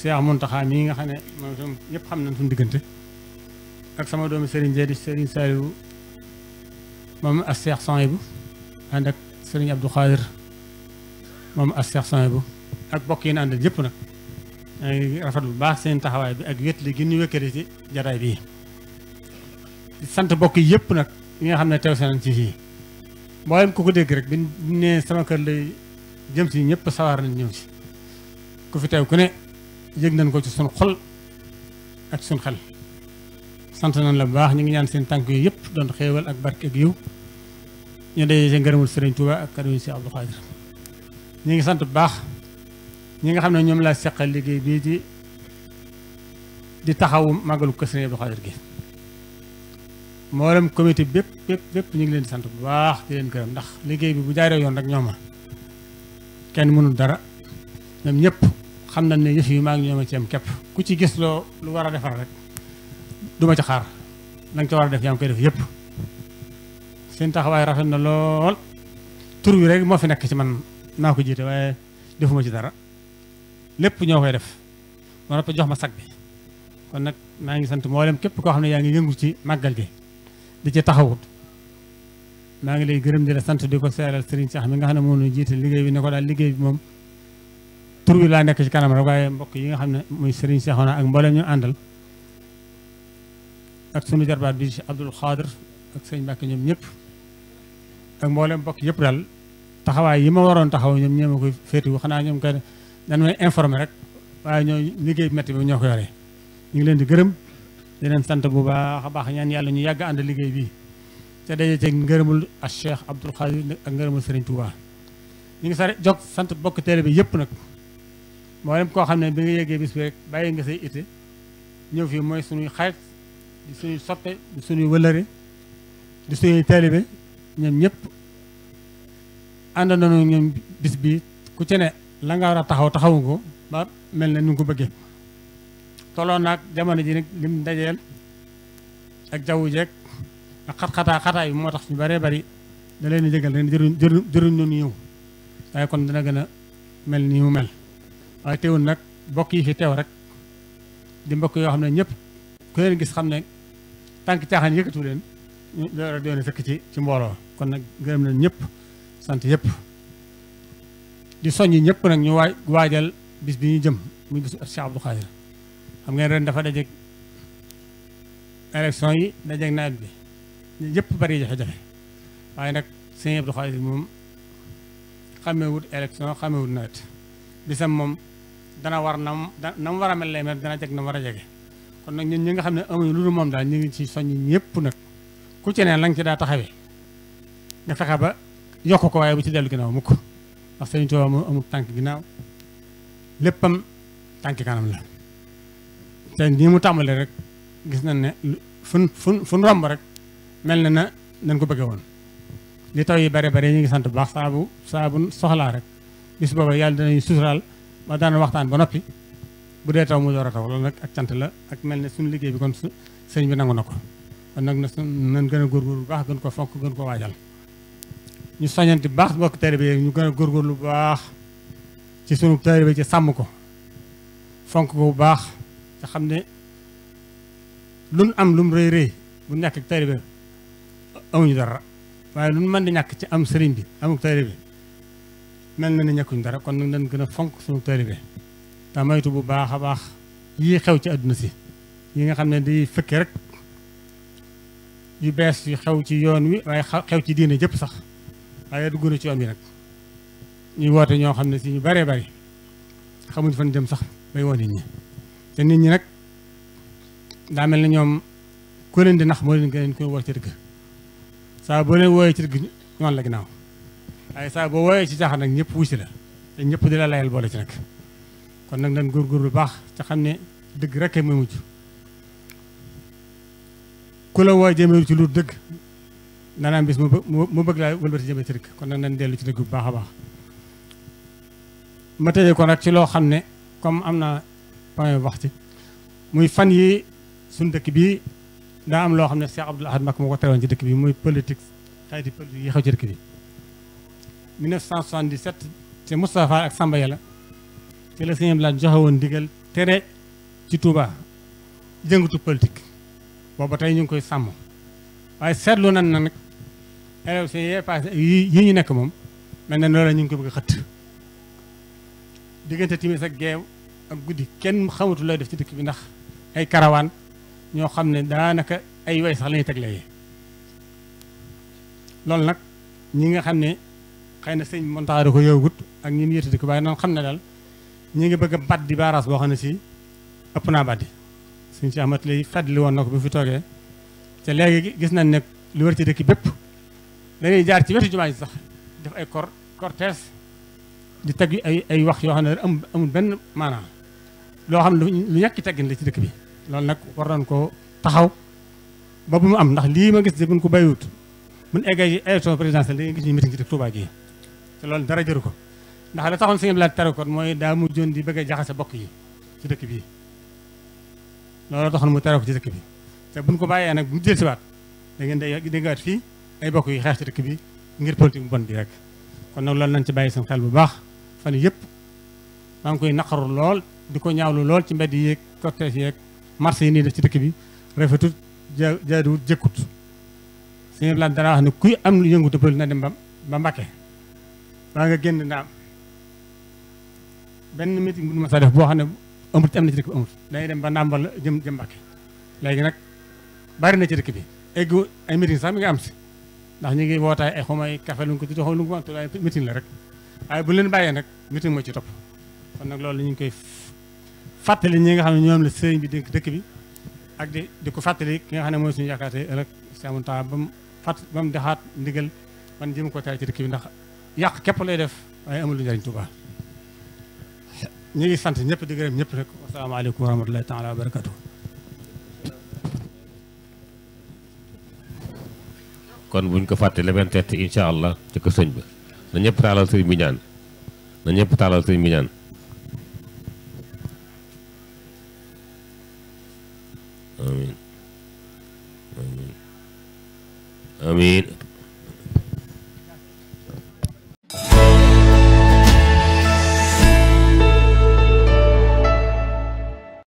Cheikh Mountakha mii nga xam ne moom itam ñëpp xam nañ suñu diggante ak sama doomi Serigne Jeedi Serigne Saliou moom ak Cheikh Sanibou ànd ak Serigne Abdou Khadir moom ak Cheikh Sanibou ak bokk yi ñu àndal yëpp nag maa ngi rafet bu baax seen taxawaay bi ak wétli gi ñu wékkati ci jataay bii sant bokk yëpp nag ñi nga xam ne teew seen ci fii mboolem ku ko dégg rek bi ñu nee sama kër lay jëm si ñëpp sawar nañ ñëw si ku fi teew ku ne yëg nañ ko ci suñ xol ak suñ xel sant nañ la baax ñu ngi ñaan seen tànk yi yëpp doon xéewal ak barke ak yiw ñu dee seen ngërëmul Serigne Touba ak kàddu si Abdou Khadir ñu ngi sant bu baax ñi nga xam ne ñoom laa seqal liggéey bii di di taxawu màggalu kër Serigne Abdou Khadir gi mboolem comité bépp bépp bépp ñu ngi leen sant bu baax di leen gërëm ndax liggéey bi bu jaaree yoon rek ñoom kenn mënul dara ñoom ñëpp xam nañ ne yëf maa ngi ñoom a ci képp ku ci gis loo lu war a defar rek du ci xaar la nga war a def yaa ngi koy def yëpp seen taxawaay rafet na lool tur moo fi nekk ci man naa ko jiite waaye defuma ci dara lépp ñoo koy def ba noppi jox ma sag bi kon nag maa ngi sant mboolem képp koo xam ne yaa ngi yëngu ci màggal gi di ci taxawut maa ngi lay gërëm di sant di ko seeral Serigne Cheikh mi nga xam ne moom la jiite liggéey bi ne ko daal liggéey bi moom tur bi laa nekk ci kanam rek waaye mbokk yi nga xam ne muy Serigne Cheikh ak mboolem ñu àndal ak sunu jarbaat bi Abdoul Khadir ak sëñ Mbacke ñoom ñëpp ak mboolem mbokk yëpp daal taxawaay yi ma waroon taxaw ñoom ñoo ma koy féetewu xanaa ñoom kay dañ may informé rek waaye ñoo liggéey métti bi ñoo ko yoree ñu ngi leen di gërëm. di sant bu baax a baax ñaan yàlla ñu yàgg ànd liggéey bi te daje ci ngërëmul ak Cheikh Abdoul Khadir ak ngërëmul Serigne Touba ñu ngi sare jog sant bokk teele bi yëpp nag mboolem koo xam ne bi nga yéegee bis bi rek bàyyi nga say ite ñëw fii mooy suñuy xarit di suñuy soppe di suñuy wëlëre di suñuy taalibe ñoom ñëpp ànd nañu ñoom bis bi ku ci ne la nga war a taxaw taxawu ko ba mel ne nu ko bëggee toloon naag jamono ji nag lim dajeel ak jaww jeeg ak xat-xataa xataa yi moo tax ñu baree bari da leen jëgal leen jëruñ jëruñ ñu ñëw kon dina gën a mel ni mu mel waaye nag mbokk yi fi teew rek di mbokk yoo xam ne ñëpp ku gis xam ne tànk caaxaan yëkkatu fekk ci ci mbooloo kon nag gërëm ñëpp sant yëpp di soññi ñëpp nag ñu waay waajal bis bi ñu jëm muy bisu Cheikh Abdou Khadir xam ngeen ren dafa da jeg élection yi da dajeeg nawet bi ñu yëpp bari jafe-jafe waaye nag sëñ Abdou Khadir moom xamewut élection xamewut nawet bisam moom dana war nam na mu war a mel lay mel dana jeg na mu war a jege kon nag ñun ñi nga xam ne amuñu lu dul moom daal ñu ngi ci soññ ñëpp nag ku ci ne la ci daa taxawe nga fexe ba yokk ko waaye bu ci dellu ginnaaw mukk ndax sëñ Tuubaa mu amul tànk ginnaaw léppam tànk kanam la te nii mu tàmbalee rek gis nañ ne fun fun fun romb rek mel na na nañ ko bëggee woon li taw yi bare bare ñu ngi sant bu baax saabu saabu soxlaa rek bis booba yàlla dinañu suturaal ba daan waxtaan ba noppi bu dee taw mu door a taw loolu nag ak cant la ak mel ne suñu liggéey bi kon su sëñ bi nangu na ko kon nag na nañ gën a góorgóorlu bu baax gën ko fonk gën ko waajal ñu soñanti bu baax mbokk taalibe bi ñu gën a góorgóorlu bu baax ci sunu taalibe ci sàmm ko fonk ko te xam ne lu am lum rëy rëy bu ñàkk ak taalibe amuñu dara waaye luñ mën di ñàkk ci am sëriñ bi amuk taalibe mel na ne ñàkkuñ dara kon nag dañ gën a fonk suñu taalibe te maytu bu baax a baax yii xew ci àdduna si yi nga xam ne di fëkke rek yu bees yu xew ci yoon wi waaye xew ci diine jëpp sax waaye dugg na ci yoon wi rek ñuy woote ñoo xam ne si ñu baree bari xamuñ fan jëm sax bay woon nit ñi te nit ñi nag daa mel ne ñoom ku leen di nax moo leen gën ko woo ci dëgg saa boo leen wooyee ci dëgg ñoon la ginnaaw waaye saa boo wooyee ci caaxaan nag ñëpp wuy la te ñëpp di la layal boole ci nag kon nag nañ góorgóorlu baax ca xam ne dëgg rek mooy mujj ku la ci lu dëgg dana am bis mu bëgg laa wëlbati jëmee ci dëgg kon nag nañ dellu ci dëgg bu baax a ma tëjee ko nag ci loo xam ne comme am na point waxtu muy fan yi suñ dëkk bi daa am loo xam ne Cheikh Abdoul Ahad Mbacké moo ko terewoon ci dëkk bi muy politique xeeti politique yi xew ci dëkk bi 1977 te Moustapha ak Samba Yàlla ci la sëñ Abdoul joxe woon ndigal tere ci Touba jëngatu politik booba tey ñu ngi koy sàmm waaye seetlu nan na nag élection yi passé yii ñu nekk moom mel na loolu ñu ngi ko bëgg a xëtt diggante ak guddi kenn xamatu looy def ci dëkk bi ndax ay karawaan ñoo xam ne daanaka ay way sax la ñuy teglee loolu nag ñi nga xam ne xëy na sëñ montaxare ko yowgut ak ñun yëtu dëkk waaye noonu xam ne daal ñi ngi bëgg a di baaraas boo xam ne si ëpp naa bat di suñ si amat lay fàttali woon na ko bu fi toogee te léegi gis nañ ne lu wër ci dëkk bépp dañuy jaar ci wetu jumaa ji sax def ay cor cortège di teg ay ay wax yoo xam ne amul benn maa loo xam ne lu ñàkk teggin la ci dëkk bi loolu nag war nañ koo taxaw ba bu mu am ndax lii ma gis de buñ ko bàyyiwut mun eggee yi élection présidentielle da nga gis ñu meeting ci dëkk Touba gii te loolu dara jëru ko ndax la taxoon sëñ Blaat tere mooy daa mujjoon di bëgg jaxase bokk yi ci dëkk bii loolu taxoon mu tere ko ci dëkk bi te buñ ko bàyyee nag bu mu jël siwaat da ngeen day da ngawaat fii ay bokk yi xeex ci dëkk bi ngir politique bu bon bi rek kon nag lool nañ ci bàyyi seen xel bu baax fan yëpp maa koy naqaru lool di ko ñaawlu lool ci mbedd yeeg cortège yeeg marché yi nii def ci dëkk bi rafetut ja jaaduwut jëkkut sëñ la dara wax ne kuy am lu yëngu te na dem ba ba Mbàkke baa nga génn ndaam benn meeting bu ma sa def boo xam ne amul ci na ci dëkk bi amul dañuy dem ba ndaam jëm jëm léegi nag bari na ci dëkk bi eggu ay meeting sax mi nga am si ndax ñu ngi wootaay ay xomay café lu ko ci doxal lu ko wante ay meeting la rek waaye bu leen bàyyee nag meeting moo ci topp kon nag loolu ñu ngi koy fàttali ñi nga xam ne ñoom la sëriñ bi dëkk dëkk bi ak di di ko fàttali ki nga xam ne mooy suñu yaakaar tey ëllëg si amoon ba mu fàtt ba dexaat ndigal man jëm ko tay ci dëkk bi ndax yàq képp lay def waaye amul njariñ Tuubaa ñu ngi sant ñëpp di gërëm ñëpp rek asalaamaaleykum wa rahmatulahi taala kon buñ ko fàtte le 27 incha allah ci ko sëñ ba na ñëpp taalal sëñ bi ñaan na ñëpp taalal sëñ bi amiin amiin amiin